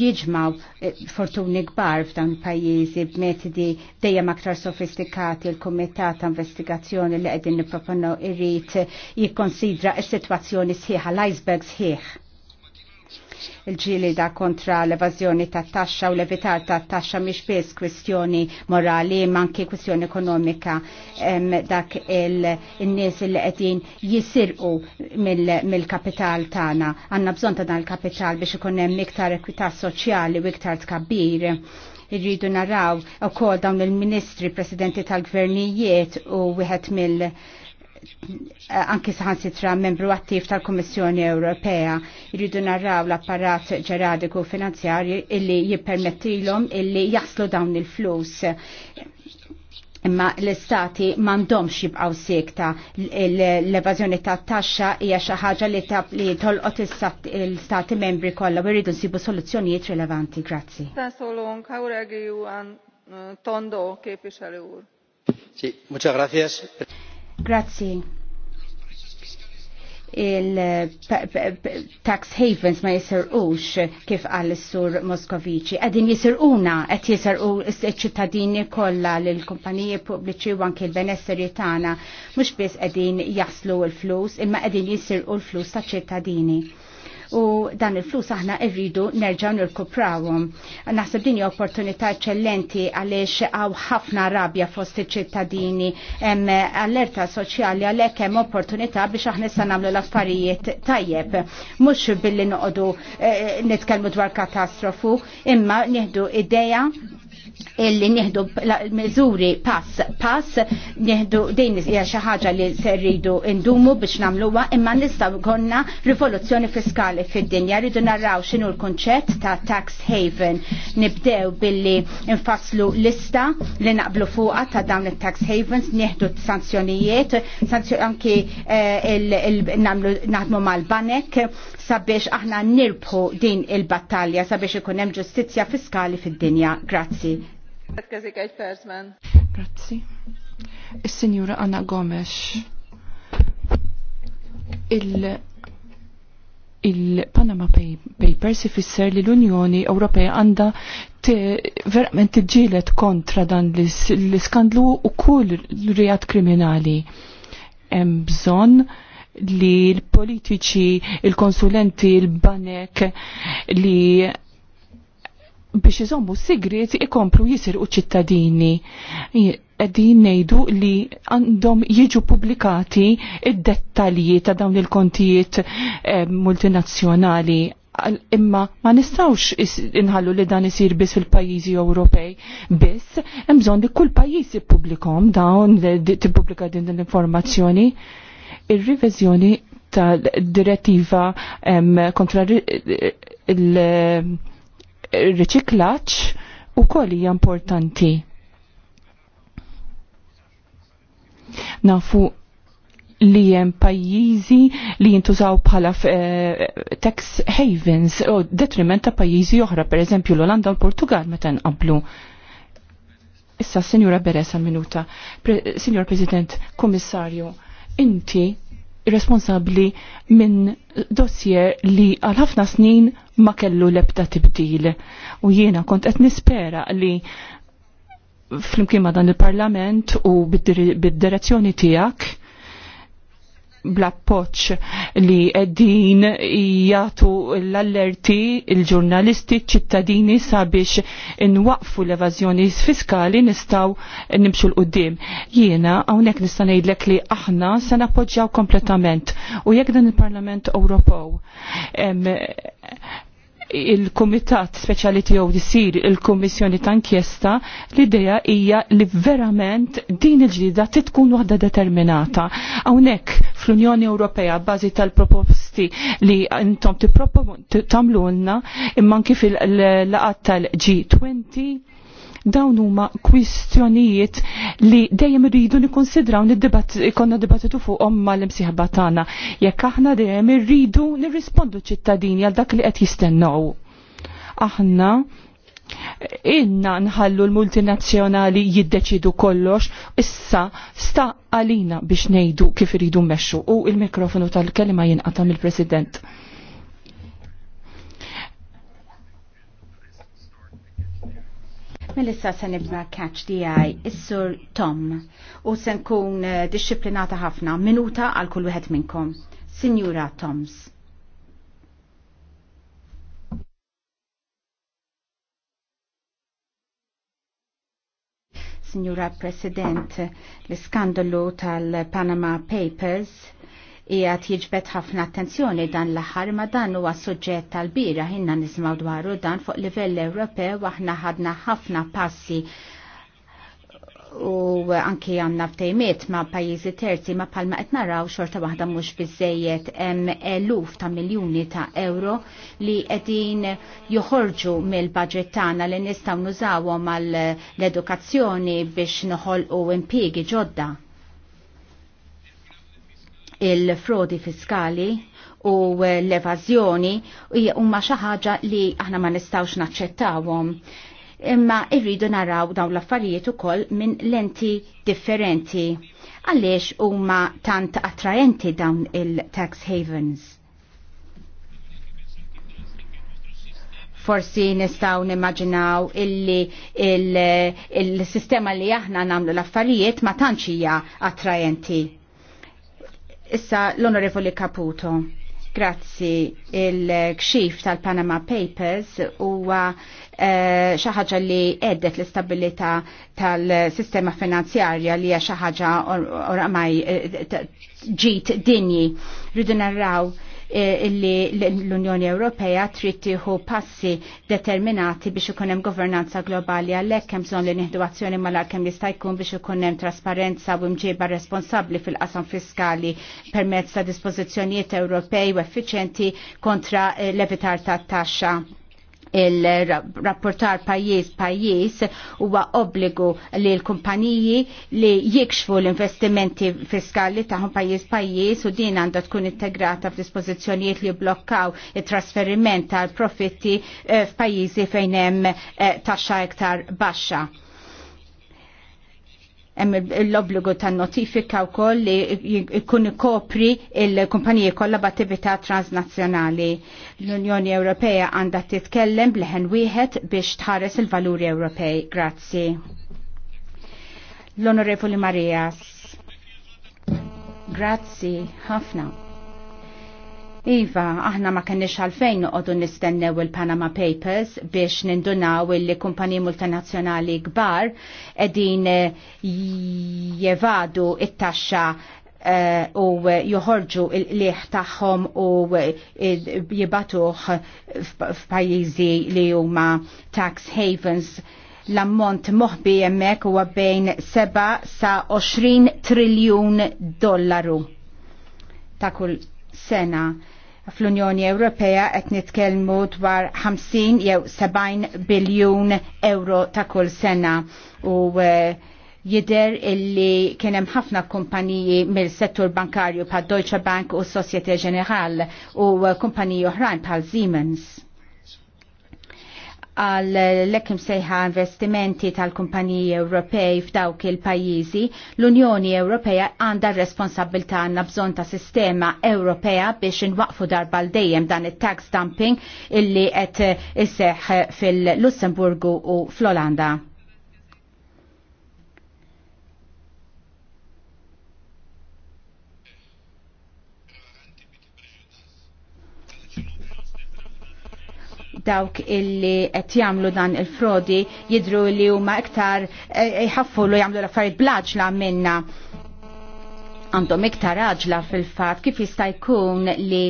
jiġmaw eh, fortuni kbar f'dan il-pajjiżi b'metodi dejjem aktar sofistikati l-kumitat ta' investigazzjoni li qegħdin nipproponu irrid jikkonsidra s-sitwazzjoni sħiħa l-iceberg sħiħ il da kontra l-evazjoni ta' taxxa u l-evitar ta' taxxa miex biss kwistjoni morali, manki kwistjoni ekonomika dak il-nies il qegħdin jisirqu mill-kapital tagħna. Għandna bżonn ta' dan il-kapital biex ikun hemm iktar ekwità soċjali u iktar tkabbir irridu naraw u kol dawn il-ministri, presidenti tal-gvernijiet u wieħed mill- anki sitra membru attiv tal-Kommissjoni Ewropea jridu narraw l-apparat ġeradiku finanzjarju illi jippermettilhom illi jaslu dawn il-flus imma l-istati mandomx jibqaw sekta l-evazjoni ta' taxxa hija xi ħaġa li ta' li tolqot l-istati membri kollha u jridu nsibu soluzzjonijiet rilevanti. Grazzi. u Tondo képviselő úr. Sí, muchas gracias. Grazzi il-tax havens ma ux kif għal sur Moskovici. Għadin jisirquna, għet s ċittadini kolla l-kumpaniji pubbliċi u anki l-benesseri tana, mux bis għadin jaslu l-flus, imma għadin u l-flus ta' ċittadini u dan il-flus aħna irridu nerġaw nirkuprawhom. Naħseb din opportunità eċċellenti għaliex għaw ħafna rabja fost iċ-ċittadini hemm allerta soċjali għalhekk hemm opportunità biex aħna issa nagħmlu l-affarijiet tajjeb. Mhux billi noqogħdu eh, nitkellmu dwar katastrofu, imma nieħdu idea illi nieħdu miżuri pass pass nieħdu din hija xi ħaġa li se rridu ndumu biex nagħmluha imma nistgħu jkollna rivoluzzjoni fiskali fid-dinja rridu narraw x'inhu l-kunċett ta' tax haven nibdew billi nfasslu lista li naqblu fuqha ta' dawn it-tax havens nieħdu sanzjonijiet anki eh, nagħmlu naħdmu mal-banek sabiex aħna nirbħu din il-battalja sabiex ikun hemm ġustizzja fiskali fid-dinja. Grazzi. Għatkazik Grazzi. Il-Sinjura Anna Gomes. Il- il-Panama Papers ifisser li l-Unjoni Ewropea għandha verament tiġġielet kontra dan l-iskandlu u kull rijat kriminali. Hemm bżonn li l-politiċi, il-konsulenti, il-banek li biex iżommu sigriet ikomplu jisirqu ċittadini. Qegħdin ngħidu li għandhom jiġu pubblikati id-dettalji ta' dawn il-kontijiet eh, multinazzjonali imma ma nistawx inħallu li dan isir biss fil-pajjiżi Ewropej biss hemm li kull pajjiż publikom dawn tippubblika din l-informazzjoni. ir revizjoni tal-direttiva kontra il- riċiklaġġ ukoll hija importanti. Nafu li jem pajjiżi li jintużaw bħala eh, tax havens u detriment ta' pajjiżi oħra, per eżempju l-Olanda u l-Portugal meta nqablu. Issa, Sinjura Beresa minuta, Pre Sinjur President, Komissarju, inti responsabli minn dossier li għal ħafna snin ma kellu lebda tibdil. U jiena kont qed nispera li flimkien ma dan il-parlament u bid-direzzjoni tiegħek bl-appoċ li din jgħatu l-allerti il-ġurnalisti ċittadini sabiex nwaqfu l-evazjoni fiskali nistaw nimxu l-qoddim. Jiena għawnek nista' ngħidlek li aħna se nappoġġjaw kompletament u jekk dan il-Parlament Ewropew il-Kumitat Speċjali tiegħu jsir il-Kummissjoni ta' inkjesta, l-idea hija li verament din il-ġdida titkun waħda determinata. Hawnhekk fl-Unjoni Ewropea bażi tal-proposti li intom tamlunna imman kif il-laqat tal-G20 dawn huma kwistjonijiet li dejjem irridu nikkonsidraw ikonna dibattitu fuqhom mal-imsieħba tagħna jekk aħna dejjem irridu nirrispondu ċittadini għal dak li qed jistennew. Aħna Inna nħallu l-multinazzjonali jiddeċidu kollox, issa sta għalina biex nejdu kif iridu meċu. u il-mikrofonu tal-kelma jinqata' mill-President. Melissa se nibda catch di għaj, is-sur Tom, u se nkun eh, disciplinata ħafna minuta għal kull wieħed minnkom. Signora Toms. Signora President, l-skandalu tal-Panama Papers hija jiġbed ħafna attenzjoni dan l-aħħar ma dan huwa suġġett tal-bira ħinna nismaw dwaru dan fuq livell Ewropew aħna ħadna ħafna passi u anki għanna ftejmiet ma' pajizi terzi ma' palma qed naraw xorta waħda mhux biżejjed hemm eluf ta' miljuni ta' euro li qegħdin joħorġu mill-budget tagħna li nistgħu nużawhom għall edukazzjoni biex noħolqu impjiegi ġodda. Il-frodi fiskali u l-evażjoni huma xi ħaġa li aħna ma nistgħux naċċettawhom imma irridu naraw dawn l-affarijiet ukoll minn lenti differenti. Għaliex huma tant attraenti dawn il-tax havens? forsi nistaw nimmaġinaw illi il-sistema il, li aħna namlu l-affarijiet ma hija attrajenti. Issa l-Onorevoli Caputo. Grazzi il-kxif tal-Panama Papers huwa Eh, xi ħaġa li għeddet l-istabilità tal-sistema finanzjarja li hija xi ħaġa oramaj eh, ġit dinji. Rridu narraw eh, li l-Unjoni Ewropea trid tieħu passi determinati biex ikun hemm governanza globali għalhekk hemm bżonn li nieħdu azzjoni mal kemm jista' jkun biex ikun hemm trasparenza u mġiba responsabbli fil-qasam fiskali permezz ta' dispożizzjonijiet Ewropej u effiċjenti kontra l-evitar tat-taxxa il-rapportar pajjiż pajjiż huwa obbligu li l-kumpaniji li jikxfu l-investimenti fiskali taħħom pajjiż pajjiż u din għandha tkun integrata f'dispożizzjonijiet li blokkaw it-trasferiment tal-profitti eh, f'pajjiżi fejn hemm eh, taxxa iktar baxxa hemm l-obbligu ta' notifika wkoll li jkun ikopri il-kumpaniji kollha b'attività transnazzjonali. L-Unjoni Ewropea għandha titkellem bleħen wieħed biex tħares il-valuri Ewropej. Grazzi. L-Onorevoli Marias. Grazzi ħafna. Iva, aħna ma kenniex għalfejn noqodu nistennew il-Panama Papers biex nindunaw li kumpaniji multinazzjonali kbar qegħdin eh, jevadu it-taxxa eh, u joħorġu il-liħ tagħhom u eh, jibatuh f'pajjiżi li huma tax havens l-ammont moħbi jemmek huwa bejn 7 sa 20 triljun dollaru ta' kull sena fl-Unjoni Ewropea qed nitkellmu dwar 50 jew 70 biljun euro ta' kull sena u e, jider illi kien hemm ħafna kumpaniji mill-settur bankarju pa' Deutsche Bank u Societe Generale u e, kumpaniji oħrajn bħal Siemens għal l-ekim sejħa investimenti tal-kumpaniji Ewropej f'dawk il-pajjiżi, l-Unjoni Ewropea għandha responsabilta għandna bżon ta' sistema Ewropea biex inwaqfu darba l dejjem dan it-tax dumping illi qed isseħ fil-Lussemburgu u fl-Olanda. dawk illi qed jagħmlu dan il-frodi jidru li huma iktar eh, jħaffu li jagħmlu l-affarijiet blaġla minna għandhom iktar aġla fil-fatt kif jista' jkun li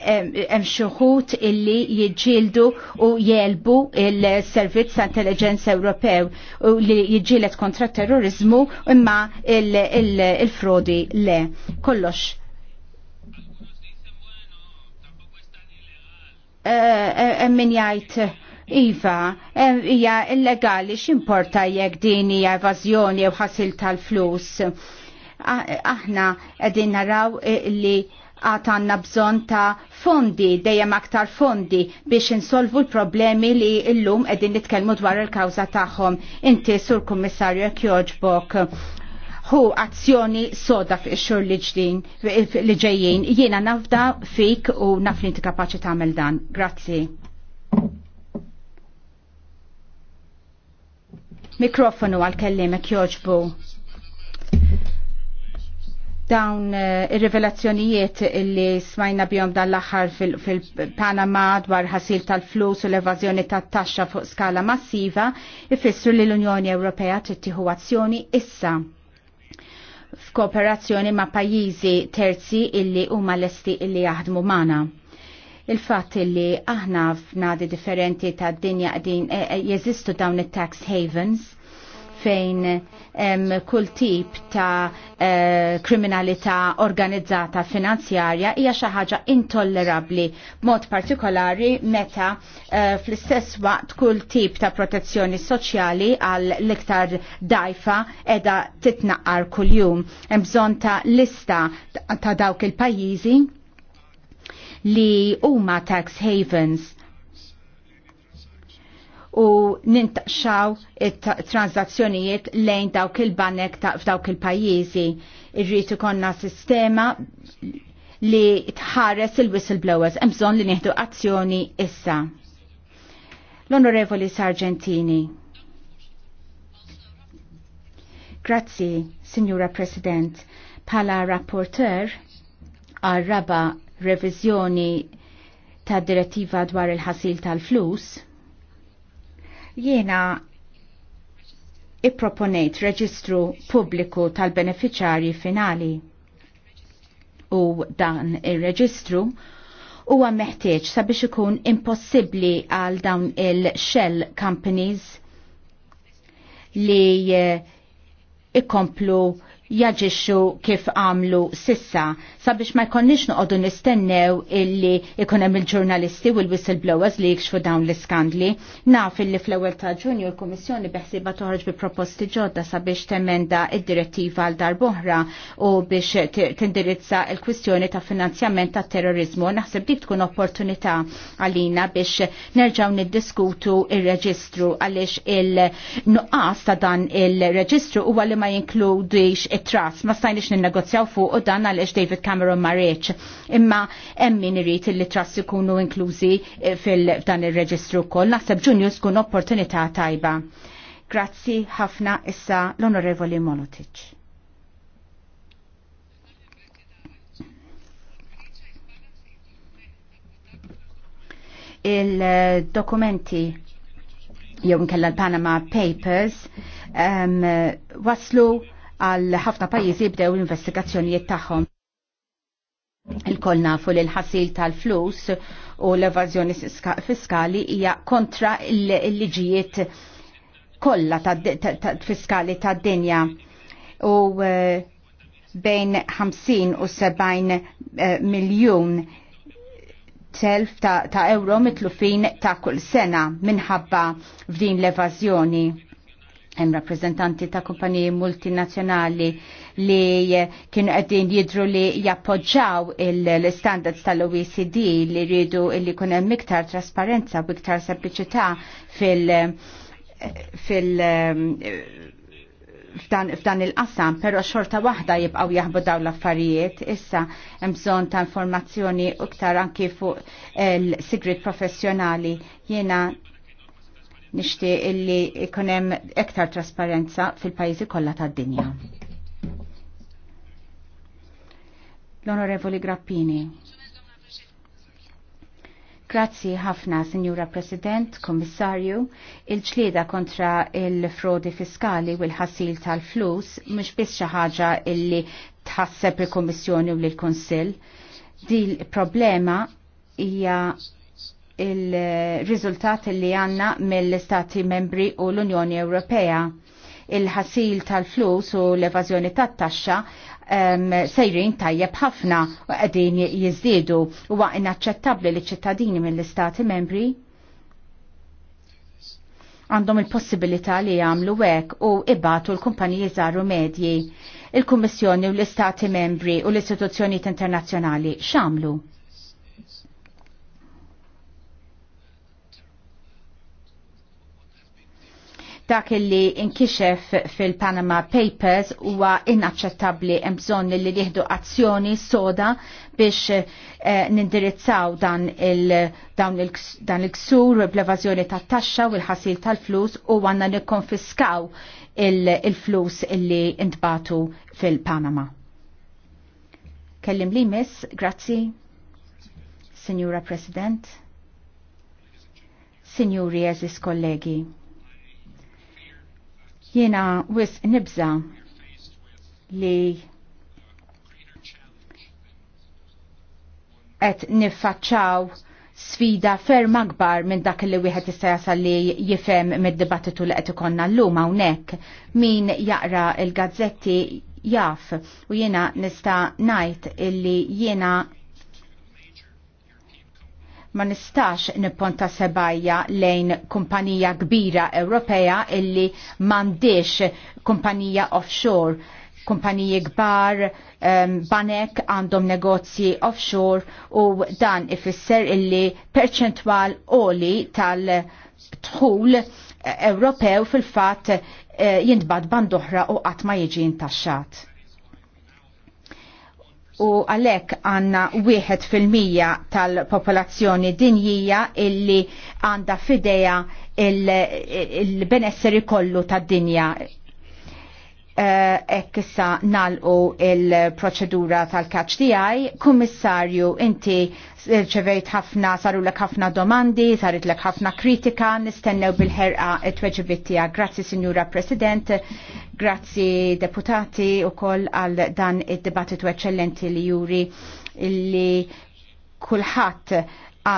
hemm eh, xuħut illi jiġġieldu u jelbu il-Servizz ta' Intelligenza Ewropew u li jiġġielet kontra terrorizmu imma il-frodi le. Kollox min jgħid Iva, hija illegali x'importa jekk din hija evażjoni u ħasil tal-flus. Aħna qegħdin naraw li għad għandna bżonn ta' fondi, dejjem aktar fondi biex insolvu l-problemi li llum qegħdin nitkellmu dwar il-kawża tagħhom. Inti sur kummissarju kjoġbok jogħġbok hu azzjoni soda fi xur li ġdin li ġejjin. Jiena nafda fik u naf li inti kapaċi tagħmel dan. Grazzi. Mikrofonu għal kellimek joġbu dawn eh, ir-rivelazzjonijiet li smajna bjom dan l-aħħar fil-Panama dwar ħasil tal-flus u l evazjoni tat-taxxa fuq skala massiva ifissru li l-Unjoni Ewropea trid tieħu azzjoni issa f'kooperazzjoni ma' pajjiżi terzi illi huma lesti illi jaħdmu mana. il-fatt illi aħna f'nadi differenti ta' dinja qegħdin eh, eh, jeżistu dawn it-tax havens fejn em, kull tip ta' eh, kriminalità organizzata finanzjarja hija xi ħaġa intollerabbli mod partikolari meta eh, fl-istess waqt kull tip ta' protezzjoni soċjali għal l-iktar dajfa edha titnaqqar kuljum. Hemm bżonn ta' lista ta' dawk il-pajjiżi li huma tax havens u nintaqxaw transazzjonijiet lejn dawk il-banek f'dawk il-pajjiżi. Irrid konna sistema li tħares il-whistleblowers hemm bżonn li nieħdu azzjoni issa. L-Onorevoli Sargentini. Grazzi, Signora President. Pala rapporteur għal raba revizjoni ta' direttiva dwar il-ħasil tal-flus, Jiena ipproponejt reġistru pubbliku tal-beneficjarji finali. U dan ir-reġistru huwa meħtieġ sabiex ikun impossibbli għal dawn il-shell companies li eh, ikomplu jaġixxu kif għamlu sissa sabiex ma jkonniex noqogħdu nistennew illi jkun hemm il-ġurnalisti u l-whistleblowers li jikxfu dawn l-iskandli. Naf illi fl-ewwel ta' Ġunju l-Kummissjoni beħsiba toħroġ bi proposti ġodda sabiex temenda id-direttiva għal darb'oħra u biex tindirizza l-kwistjoni ta' finanzjament ta' terrorizmu. Naħseb dik tkun opportunità għalina biex nerġgħu niddiskutu il-reġistru għaliex il-nuqqas ta' dan il-reġistru huwa li ma jinkludix it trust Ma stajniex ninnegozjaw fuq u dan għaliex David Cameron ma reċ. Imma emmin irrit li trass ikunu inklużi eh, fil-dan il-reġistru kol. Naħseb Junius tkun opportunità tajba. Grazzi ħafna issa l-Onorevoli Molotic. Il-dokumenti jew kella l-Panama Papers um, waslu għal ħafna pajjiżi bdew l-investigazzjonijiet tagħhom il-koll nafu li l-ħasil tal-flus u l-evazjoni fiskali hija kontra l-liġijiet kollha fiskali tad-dinja u eh, bejn 50 u 70 eh, miljun telf ta', ta euro mitlufin ta' kull sena minħabba f'din l-evazjoni hemm rappreżentanti ta' kumpaniji multinazzjonali li kienu qegħdin jidru li jappoġġaw l-standards tal-OECD li rridu li kun hemm iktar trasparenza u iktar sempliċità fil- fil f'dan il-qasam, però xorta waħda jibqaw jaħbu daw l-affarijiet, issa hemm bżonn ta' informazzjoni iktar anki fuq il-sigrit professjonali. Jiena nishti illi ikonem ektar trasparenza fil-pajizi kollha tad-dinja. L-Onorevoli Grappini. Grazzi ħafna, Signora President, Kommissarju. Il-ċlieda kontra il-frodi fiskali u l-ħasil tal-flus mhux biss xi ħaġa illi tħasseb il-Kommissjoni u l-Konsill. Dil problema hija il-riżultat li għanna mill-Stati membri u l-Unjoni Ewropea. Il-ħasil tal-flus u l-evażjoni tat-taxxa sejrin tajjeb ħafna u qegħdin jiżdiedu huwa inaċċettabbli li ċittadini mill-Istati membri għandhom il-possibilità li jagħmlu hekk u ibatu l-kumpaniji żaru medji, il-Kummissjoni u l-Istati membri u l-istituzzjonijiet internazzjonali x'għamlu. dak illi inkixef fil-Panama Papers huwa inaċċettabbli hemm bżonn li jieħdu azzjoni soda biex eh, nindirizzaw dan il-ksur il bl-evażjoni tat-taxxa u l-ħasil tal-flus u għandna nikkonfiskaw il-flus il illi intbatu fil-Panama. Kellim li miss, grazzi, Signora President, Signori eżis kollegi Jena wis nibza li qed niffaċċaw sfida ferm akbar minn dak li wieħed jista' jasal li jifhem mid-dibattitu li qed ikonna llum hawnhekk. Min jaqra il-gazzetti jaf u jiena nista' ngħid illi jiena ma nistax nipponta sebajja lejn kumpanija kbira Ewropea illi mandiex kumpanija offshore. Kumpaniji kbar, um, banek għandhom negozji offshore u dan ifisser illi perċentwal oli tal-tħul Ewropew fil-fat uh, eh, jintbad bandoħra u għatma jieġi intaxxat u għalek għanna 1% tal-popolazzjoni dinjija illi għanda fideja il-benesseri kollu tad dinja Ekk eh, issa nalqu il-proċedura tal khdi tijaj, kummissarju, inti ċevejt ħafna, saru lek ħafna domandi, sarit lek ħafna kritika, nistennew bil-ħerqa t-weġibittija. Grazzi, Signora President, grazzi deputati u koll għal dan id-dibattitu eccellenti li juri illi kullħat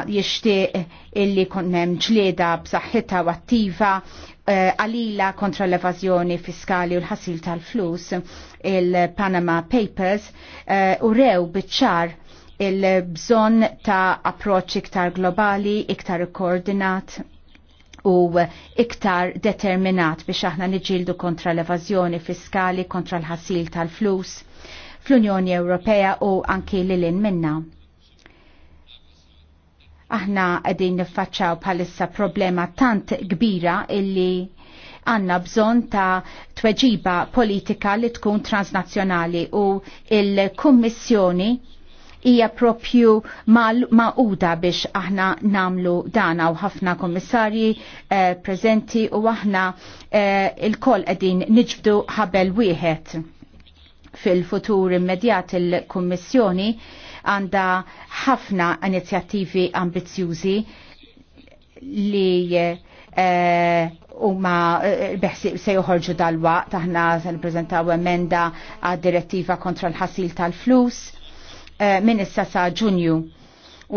jishtiq illi konnem ġlieda b'saħħitha u attiva eh, għalila uh, kontra l-evazjoni fiskali u l-ħasil tal-flus il-Panama Papers uh, u rew bitċar il-bżon ta' approċ iktar globali, iktar koordinat u iktar determinat biex aħna niġildu kontra l-evazjoni fiskali, kontra l-ħasil tal-flus fl-Unjoni Ewropea u anki lilin minna. Aħna għedin nifacċaw bħalissa problema tant kbira illi għanna bżon ta' tweġiba politika li tkun transnazzjonali u il-Kummissjoni hija propju maquda biex aħna namlu dana u ħafna kommissarji eh, prezenti u aħna eh, il koll qegħdin niġbdu ħabel wieħed fil-futur immedjat il-Kummissjoni għanda ħafna inizjattivi ambizjużi li eh, u ma eh, beħsib se joħorġu dal-waqt aħna se nippreżentaw emenda għad direttiva kontra l-ħasil tal-flus Eh, minn issa sa' ġunju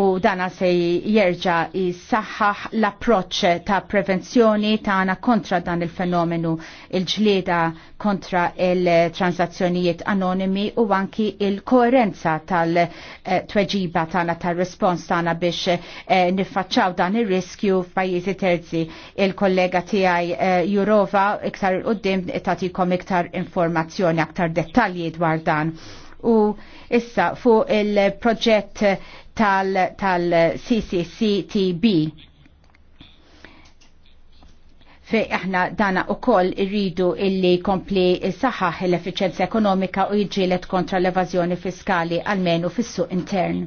u dana se jerġa jissaħħaħ l-approċ ta' prevenzjoni tagħna kontra dan il-fenomenu il-ġlieda kontra il-transazzjonijiet anonimi u anki il-koerenza tal-tweġiba tagħna tal-respons tagħna biex eh, niffaċċaw dan ir-riskju f'pajjiżi terzi. Il-kollega tiegħi eh, Jurova iktar il-qudiem tagħtikom iktar informazzjoni, iktar dettalji dwar dan. U Issa fuq il-proġett tal-CCCTB. Fe aħna dana u koll irridu illi kompli saħħaħ l-efficienza ekonomika u jġilet kontra l-evazjoni fiskali għalmenu fis-suq intern.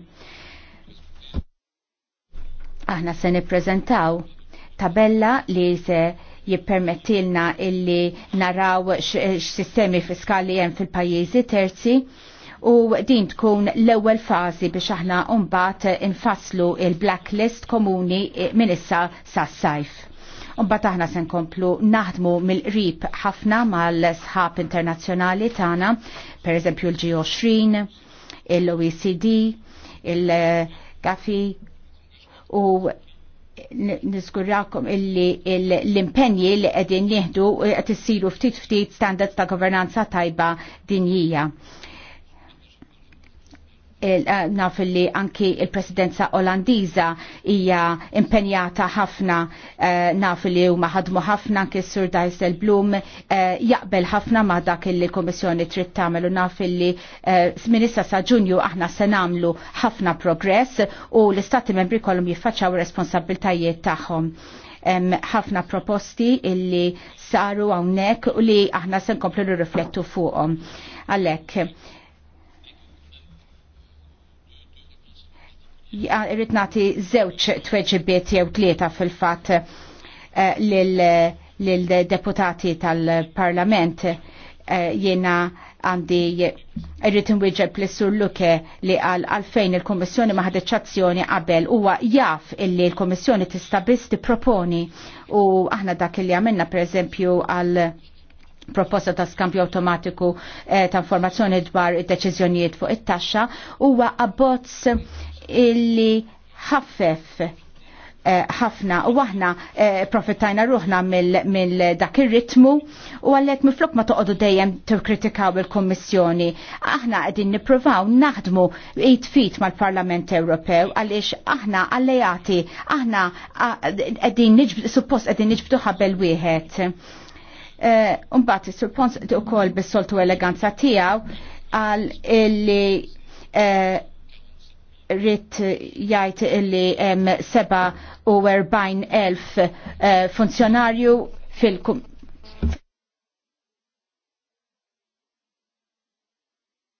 Aħna se nippreżentaw tabella li se jippermettilna illi naraw x-sistemi fiskali jem fil-pajizi terzi u din tkun l-ewwel fażi biex aħna mbagħad infasslu il-blacklist komuni minn issa sas-sajf. Mbagħad aħna se nkomplu naħdmu mill-qrib ħafna mal-sħab internazzjonali tagħna, pereżempju l-G20, l-OECD, il-GAFI u niskurrakom illi l-impenji li qegħdin nieħdu qed issiru ftit ftit standards ta' governanza tajba dinjija. Eh, naf li anki il-presidenza olandiza hija impenjata ħafna eh, naf li huma ħadmu ħafna anki sur Dijsel Blum eh, jaqbel ħafna ma dak li l-Kommissjoni trid tagħmel u naf li minissa issa sa Ġunju aħna se nagħmlu ħafna progress u l-istati membri kollhom jiffaċċaw responsabiltajiet tagħhom ħafna proposti illi saru għawnek u li aħna sen komplu riflettu fuqom. Għalek, irrit nagħti żewġ tweġibiet jew tlieta fil-fatt eh, l deputati tal-Parlament eh, jiena għandi irrit inwieġeb li sur Luke li għal għalfejn il komissjoni maħdet azzjoni qabel huwa jaf illi l komissjoni tista' biss tipproponi u aħna dak li għamilna pereżempju għal proposta ta' skambju automatiku eh, ta' informazzjoni dwar id-deċiżjonijiet fuq it-taxxa huwa abbozz illi ħaffef eh, ħafna u aħna eh, profittajna ruħna mill dak ir-ritmu u għallek miflok ma toqgħodu dejjem tikkritikaw il-Kummissjoni. Aħna qegħdin nippruvaw naħdmu id fit mal-Parlament Ewropew għaliex aħna allejati, aħna qegħdin suppost qegħdin niġbdu ħabel wieħed. Eh, Umbagħad suppost ukoll bis-soltu eleganza tiegħu għal illi rrit jajt illi erbajn elf eh, funzjonarju fil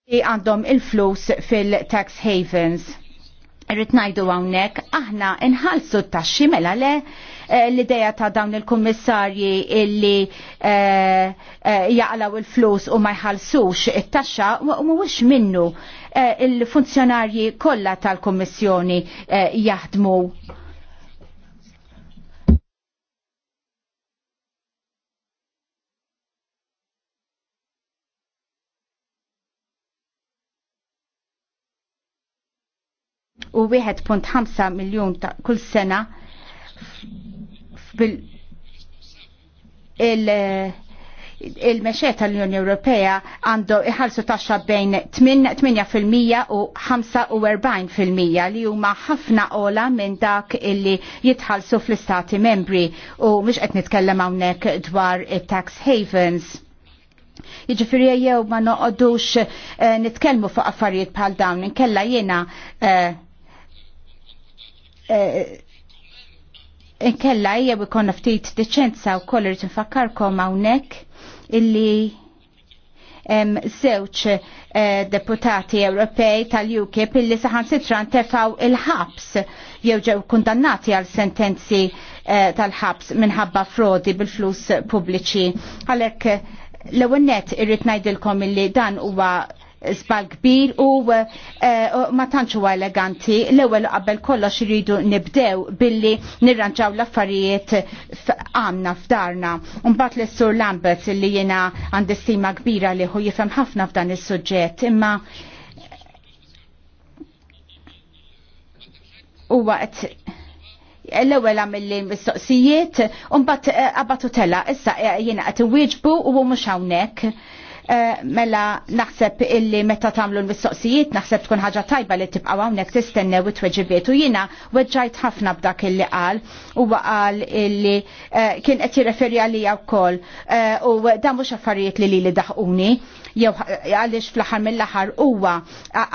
għandhom il-flus fil-tax havens. Rrit najdu għawnek, aħna nħalsu t-taxxi mela le eh, l-ideja ta' dawn il-kommissarji illi eh, eh, jaqlaw il-flus u ma jħalsux it-taxxa u mhuwiex minnu Eh, il-funzjonarji kollha tal-Kommissjoni eh, jaħdmu u 1.5 miljon ta' kull sena il- il-mexxej tal-Unjoni Ewropea għandu iħallsu taxxa bejn 8% u 45% li huma ħafna ola minn dak illi jitħallsu fl-istati membri u mhux qed nitkellem hawnhekk dwar tax havens. Jiġifieri jew ma noqogħdux eh, nitkellmu fuq affarijiet bħal dawn inkella jiena eh, eh, Inkella jew ikonna ftit deċenza u koll irid nfakkarkom hawnhekk illi hemm żewġ eh, deputati Ewropej tal-UKIP illi saħan sitra ntefgħu il-ħabs jew ġew kundannati għal sentenzi eh, tal-ħabs minħabba frodi bil-flus pubbliċi. Għalhekk l-ewwel nett irrid ngħidilkom illi dan huwa zbal kbir u eh, eh, ma tantxu eleganti l-ewwel qabel kollox iridu nibdew billi nirranġaw l-affarijiet għandna f'darna. Mbagħad l sur Lambert li jiena għandi stima kbira li hu jifhem ħafna f'dan is-suġġett imma u eh, qed l-ewel għamilli mistoqsijiet, un bat għabatu tella, issa jena għat iwieġbu u mux hawnhekk Eh, mela naħseb illi meta tagħmlu l-mistoqsijiet naħseb tkun ħaġa tajba li tibqgħu hawnhekk tistennew it-tweġibiet u jiena weġġajt ħafna b'dak illi qal huwa qal illi eh, kien qed jirreferi għalija wkoll eh, u dan mhux affarijiet li lili daħquni jew għaliex fl-aħħar mill-aħħar huwa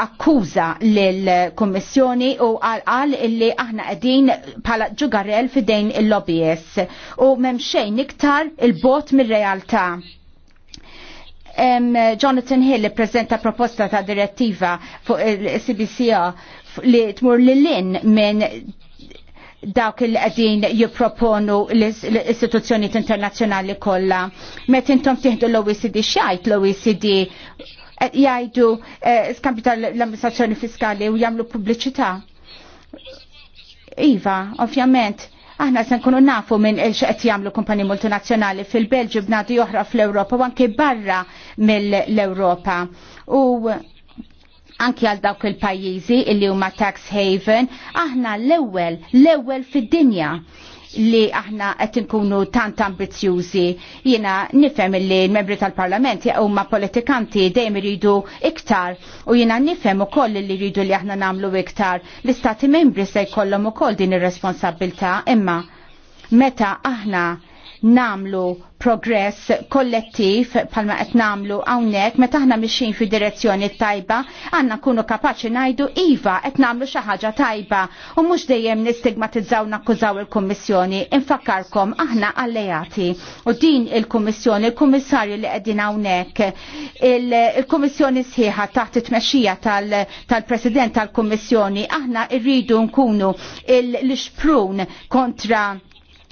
akkuża lill-Kummissjoni u qal illi aħna qegħdin bħala ġugarell fidejn il-lobbyists u m'hemm xejn iktar il-bot mir-realtà. Jonathan Hill prezenta proposta ta' direttiva fuq il-CBCA li tmur l in minn dawk il qegħdin jipproponu l-istituzzjoni internazzjonali kollha. Meta intom tiħdu l-OECD x'jgħid l-OECD jgħidu eh, skambita tal-amministrazzjoni fiskali u jagħmlu pubbliċità. Iva, ovvjament, Aħna se nkunu nafu minn x'qed jagħmlu kumpani multinazzjonali fil-Belġju b'nadi oħra fl-Ewropa u anke barra mill-Ewropa. U anki għal dawk il-pajjiżi illi huma tax haven, aħna l-ewwel, l-ewwel fid-dinja li aħna qed inkunu tant ambizjużi. Jiena nifhem li l-membri tal-Parlament huma politikanti dejjem iridu iktar u jiena nifhem ukoll li jridu li aħna nagħmlu iktar. L-istati membri se jkollhom ukoll din ir-responsabilità imma meta aħna namlu progress kollettiv palma qed namlu hawnhekk meta aħna mixin fi direzzjoni tajba għandna nkunu kapaċi ngħidu iva qed namlu xi ħaġa tajba u mhux dejjem nistigmatizzaw nakkużaw il-Kummissjoni infakkarkom aħna allejati u din il-Kummissjoni il-Kummissarju li qegħdin hawnhekk il-Kummissjoni sħiħa taħt it-tmexxija tal-President tal-Kummissjoni aħna rridu nkunu l ixprun kontra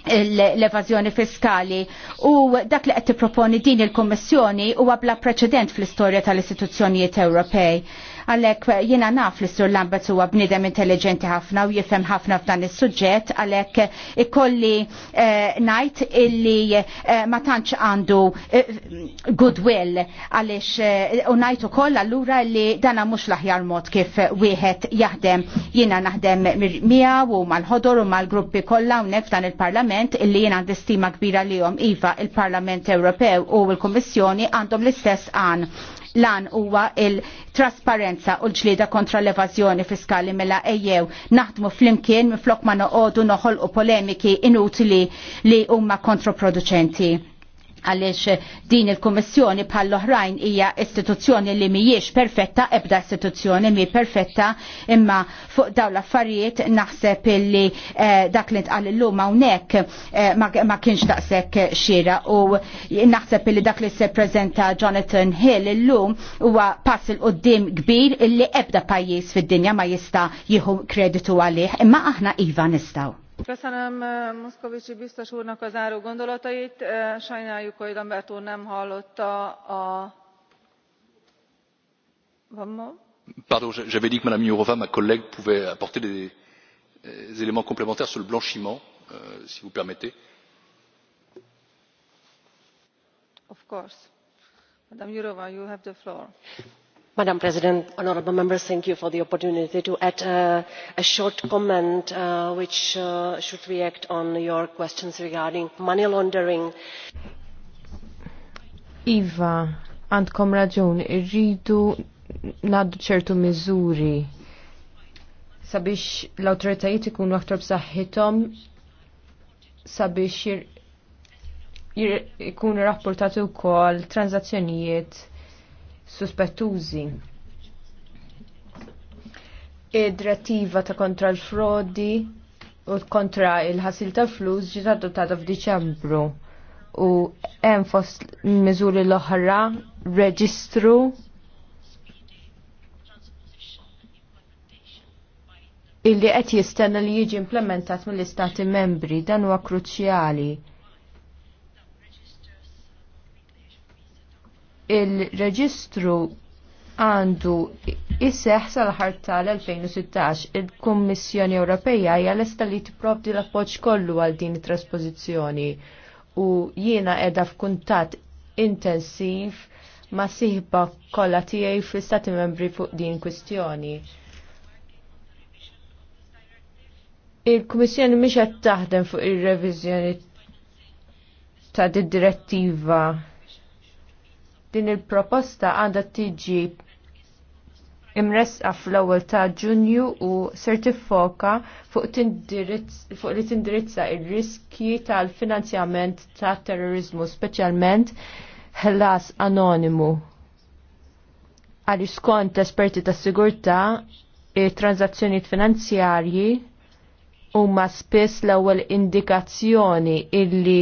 l-evazjoni fiskali u dak li qed tipproponi din il-Kommissjoni huwa bla preċedent fl-istorja tal-istituzzjonijiet Ewropej. Għalhekk eh, jiena naf li Sur Lambert huwa bniedem intelligenti ħafna u jifhem ħafna f'dan is-suġġett għalhekk eh, ikolli eh, ngħid illi eh, ma tantx għandu goodwill għaliex u ngħid ukoll allura li dana mhux l-aħjar mod kif wieħed jaħdem jiena naħdem miegħu u mal-ħodor u mal-gruppi kollha hawnhekk f'dan il-Parlament illi jiena għandi stima kbira lihom iva il-Parlament Ewropew u l-Kummissjoni għandhom l-istess għan lan huwa il-trasparenza u l-ġlieda kontra l-evażjoni fiskali mela ejjew naħdmu flimkien minflok ma noqogħdu noħolqu polemiki inutili li huma kontraproducenti għaliex din il-Kommissjoni bħall oħrajn hija istituzzjoni li mhijiex perfetta, ebda istituzzjoni mi perfetta, imma fuq daw l-affarijiet naħseb li eh, dak li tqal illum hawnhekk eh, ma, kienx taqsek xira u naħseb li dak li se prezenta Jonathan Hill illum huwa pass il qoddim kbir illi ebda pajjiż fid-dinja ma jista' jieħu kreditu għalih, imma aħna iva nistgħu. Köszönöm eh, Moszkovicsi biztos úrnak a záró gondolatait. Eh, sajnáljuk, hogy Lambert úr nem hallotta a... Van Pardon, j'avais dit que Mme Jourova, ma collègue, pouvait apporter des, des éléments complémentaires sur le blanchiment, euh, si vous permettez. Of course. Madame Jourova, you have the floor madam president honourable members thank you for the opportunity to add uh, a short comment uh, which uh, should react on your questions regarding money laundering. iva għandkom raġun irridu ngħaddu ċertu miżuri sabiex l-awtoritajiet ikunu aktar b'saħħithom sabiex ikunu rapportati wkoll transazzjonijiet suspettużi. Id-direttiva ta' kontra l-frodi u kontra il-ħasil tal-flus ġiet adottata f'Diċembru u hemm fost miżuri l-oħra reġistru illi qed jistenna li jiġi implementat mill-istati membri dan huwa kruċjali il-reġistru għandu isseħ sal ħart tal-2016 il-Kummissjoni Ewropeja hija lesta li tipprovdi l-appoġġ kollu għal din it-trasposizzjoni u jiena qiegħda f'kuntatt intensiv ma' siħba kollha tiegħi fl-Istati Membri fuq din kwistjoni. Il-Kummissjoni mhix qed taħdem fuq ir-reviżjoni ta' direttiva Din il-proposta għandha tiġi imresqa fl-ewwel ta' Ġunju u ser tiffoka fuq li tindirizza ir-riskji tal-finanzjament ta' terrorizmu, speċjalment ħlas anonimu. Għaliex skont esperti ta' sigurtà transazzjonijiet finanzjarji huma spiss l-ewwel indikazzjoni illi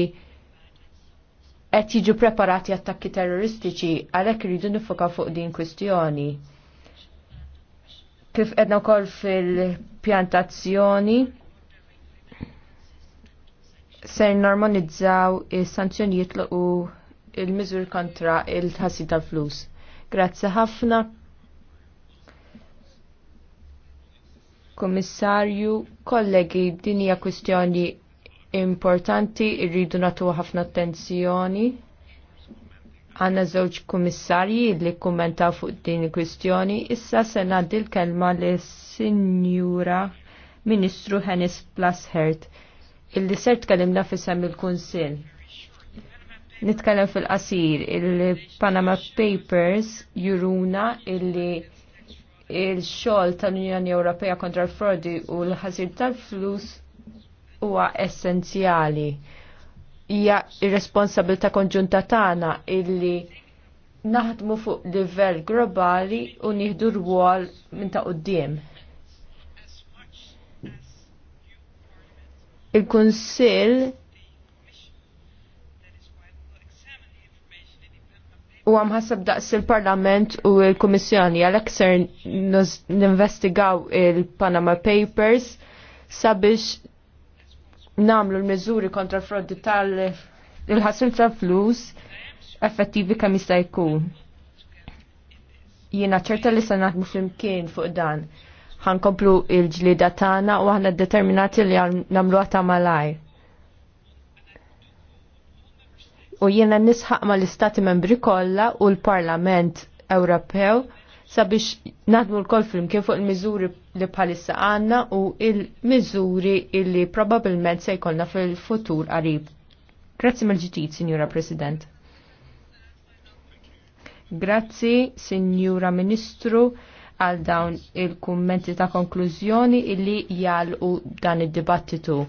qed jiġu preparati attakki terroristiċi għalhekk iridu nifoka fuq din kwistjoni. Kif qedna wkoll fil-pjantazzjoni ser normalizzaw is-sanzjonijiet u il-miżur kontra il-ħassi tal-flus. Grazzi ħafna Kommissarju, kollegi, din hija kwistjoni importanti irridu natu ħafna attenzjoni. Għanna żewġ kummissarji li kummentaw fuq din il-kwistjoni. Issa se ngħaddi l-kelma li Sinjura Ministru Hennis Plashert illi ser tkellimna fissem il-Kunsill. Nitkellem fil-qasir, il-Panama Papers juruna illi il-xol tal-Unjoni Ewropea kontra l-frodi u l-ħasir tal-flus huwa essenzjali. Hija responsabilta konġunta tagħna illi naħdmu fuq livell globali u nieħdu rwol minn ta' quddiem. Il-Kunsill u għamħasab daqs il-Parlament u il-Komissjoni għalek ser ninvestigaw il-Panama Papers sabiex namlu l mezzuri kontra l-froddi tal il-ħasil tal-flus effettivi kemm jista' jkun. Jiena ċerta li se naħdmu flimkien fuq dan. Ħankomplu il-ġlida tagħna u aħna determinati li nagħmluha ta' malaj. U jiena nisħaq mal istati membri kollha u l-Parlament Ewropew sabiex naħdmu l-kol flimkien fuq il-miżuri li bħalissa għanna u il-miżuri illi probabilment se jkollna fil-futur qarib. Grazzi mill-ġitid, Signora President. Grazzi, Sinjura Ministru, għal dawn il-kummenti ta' konklużjoni illi jgħalqu dan id-dibattitu.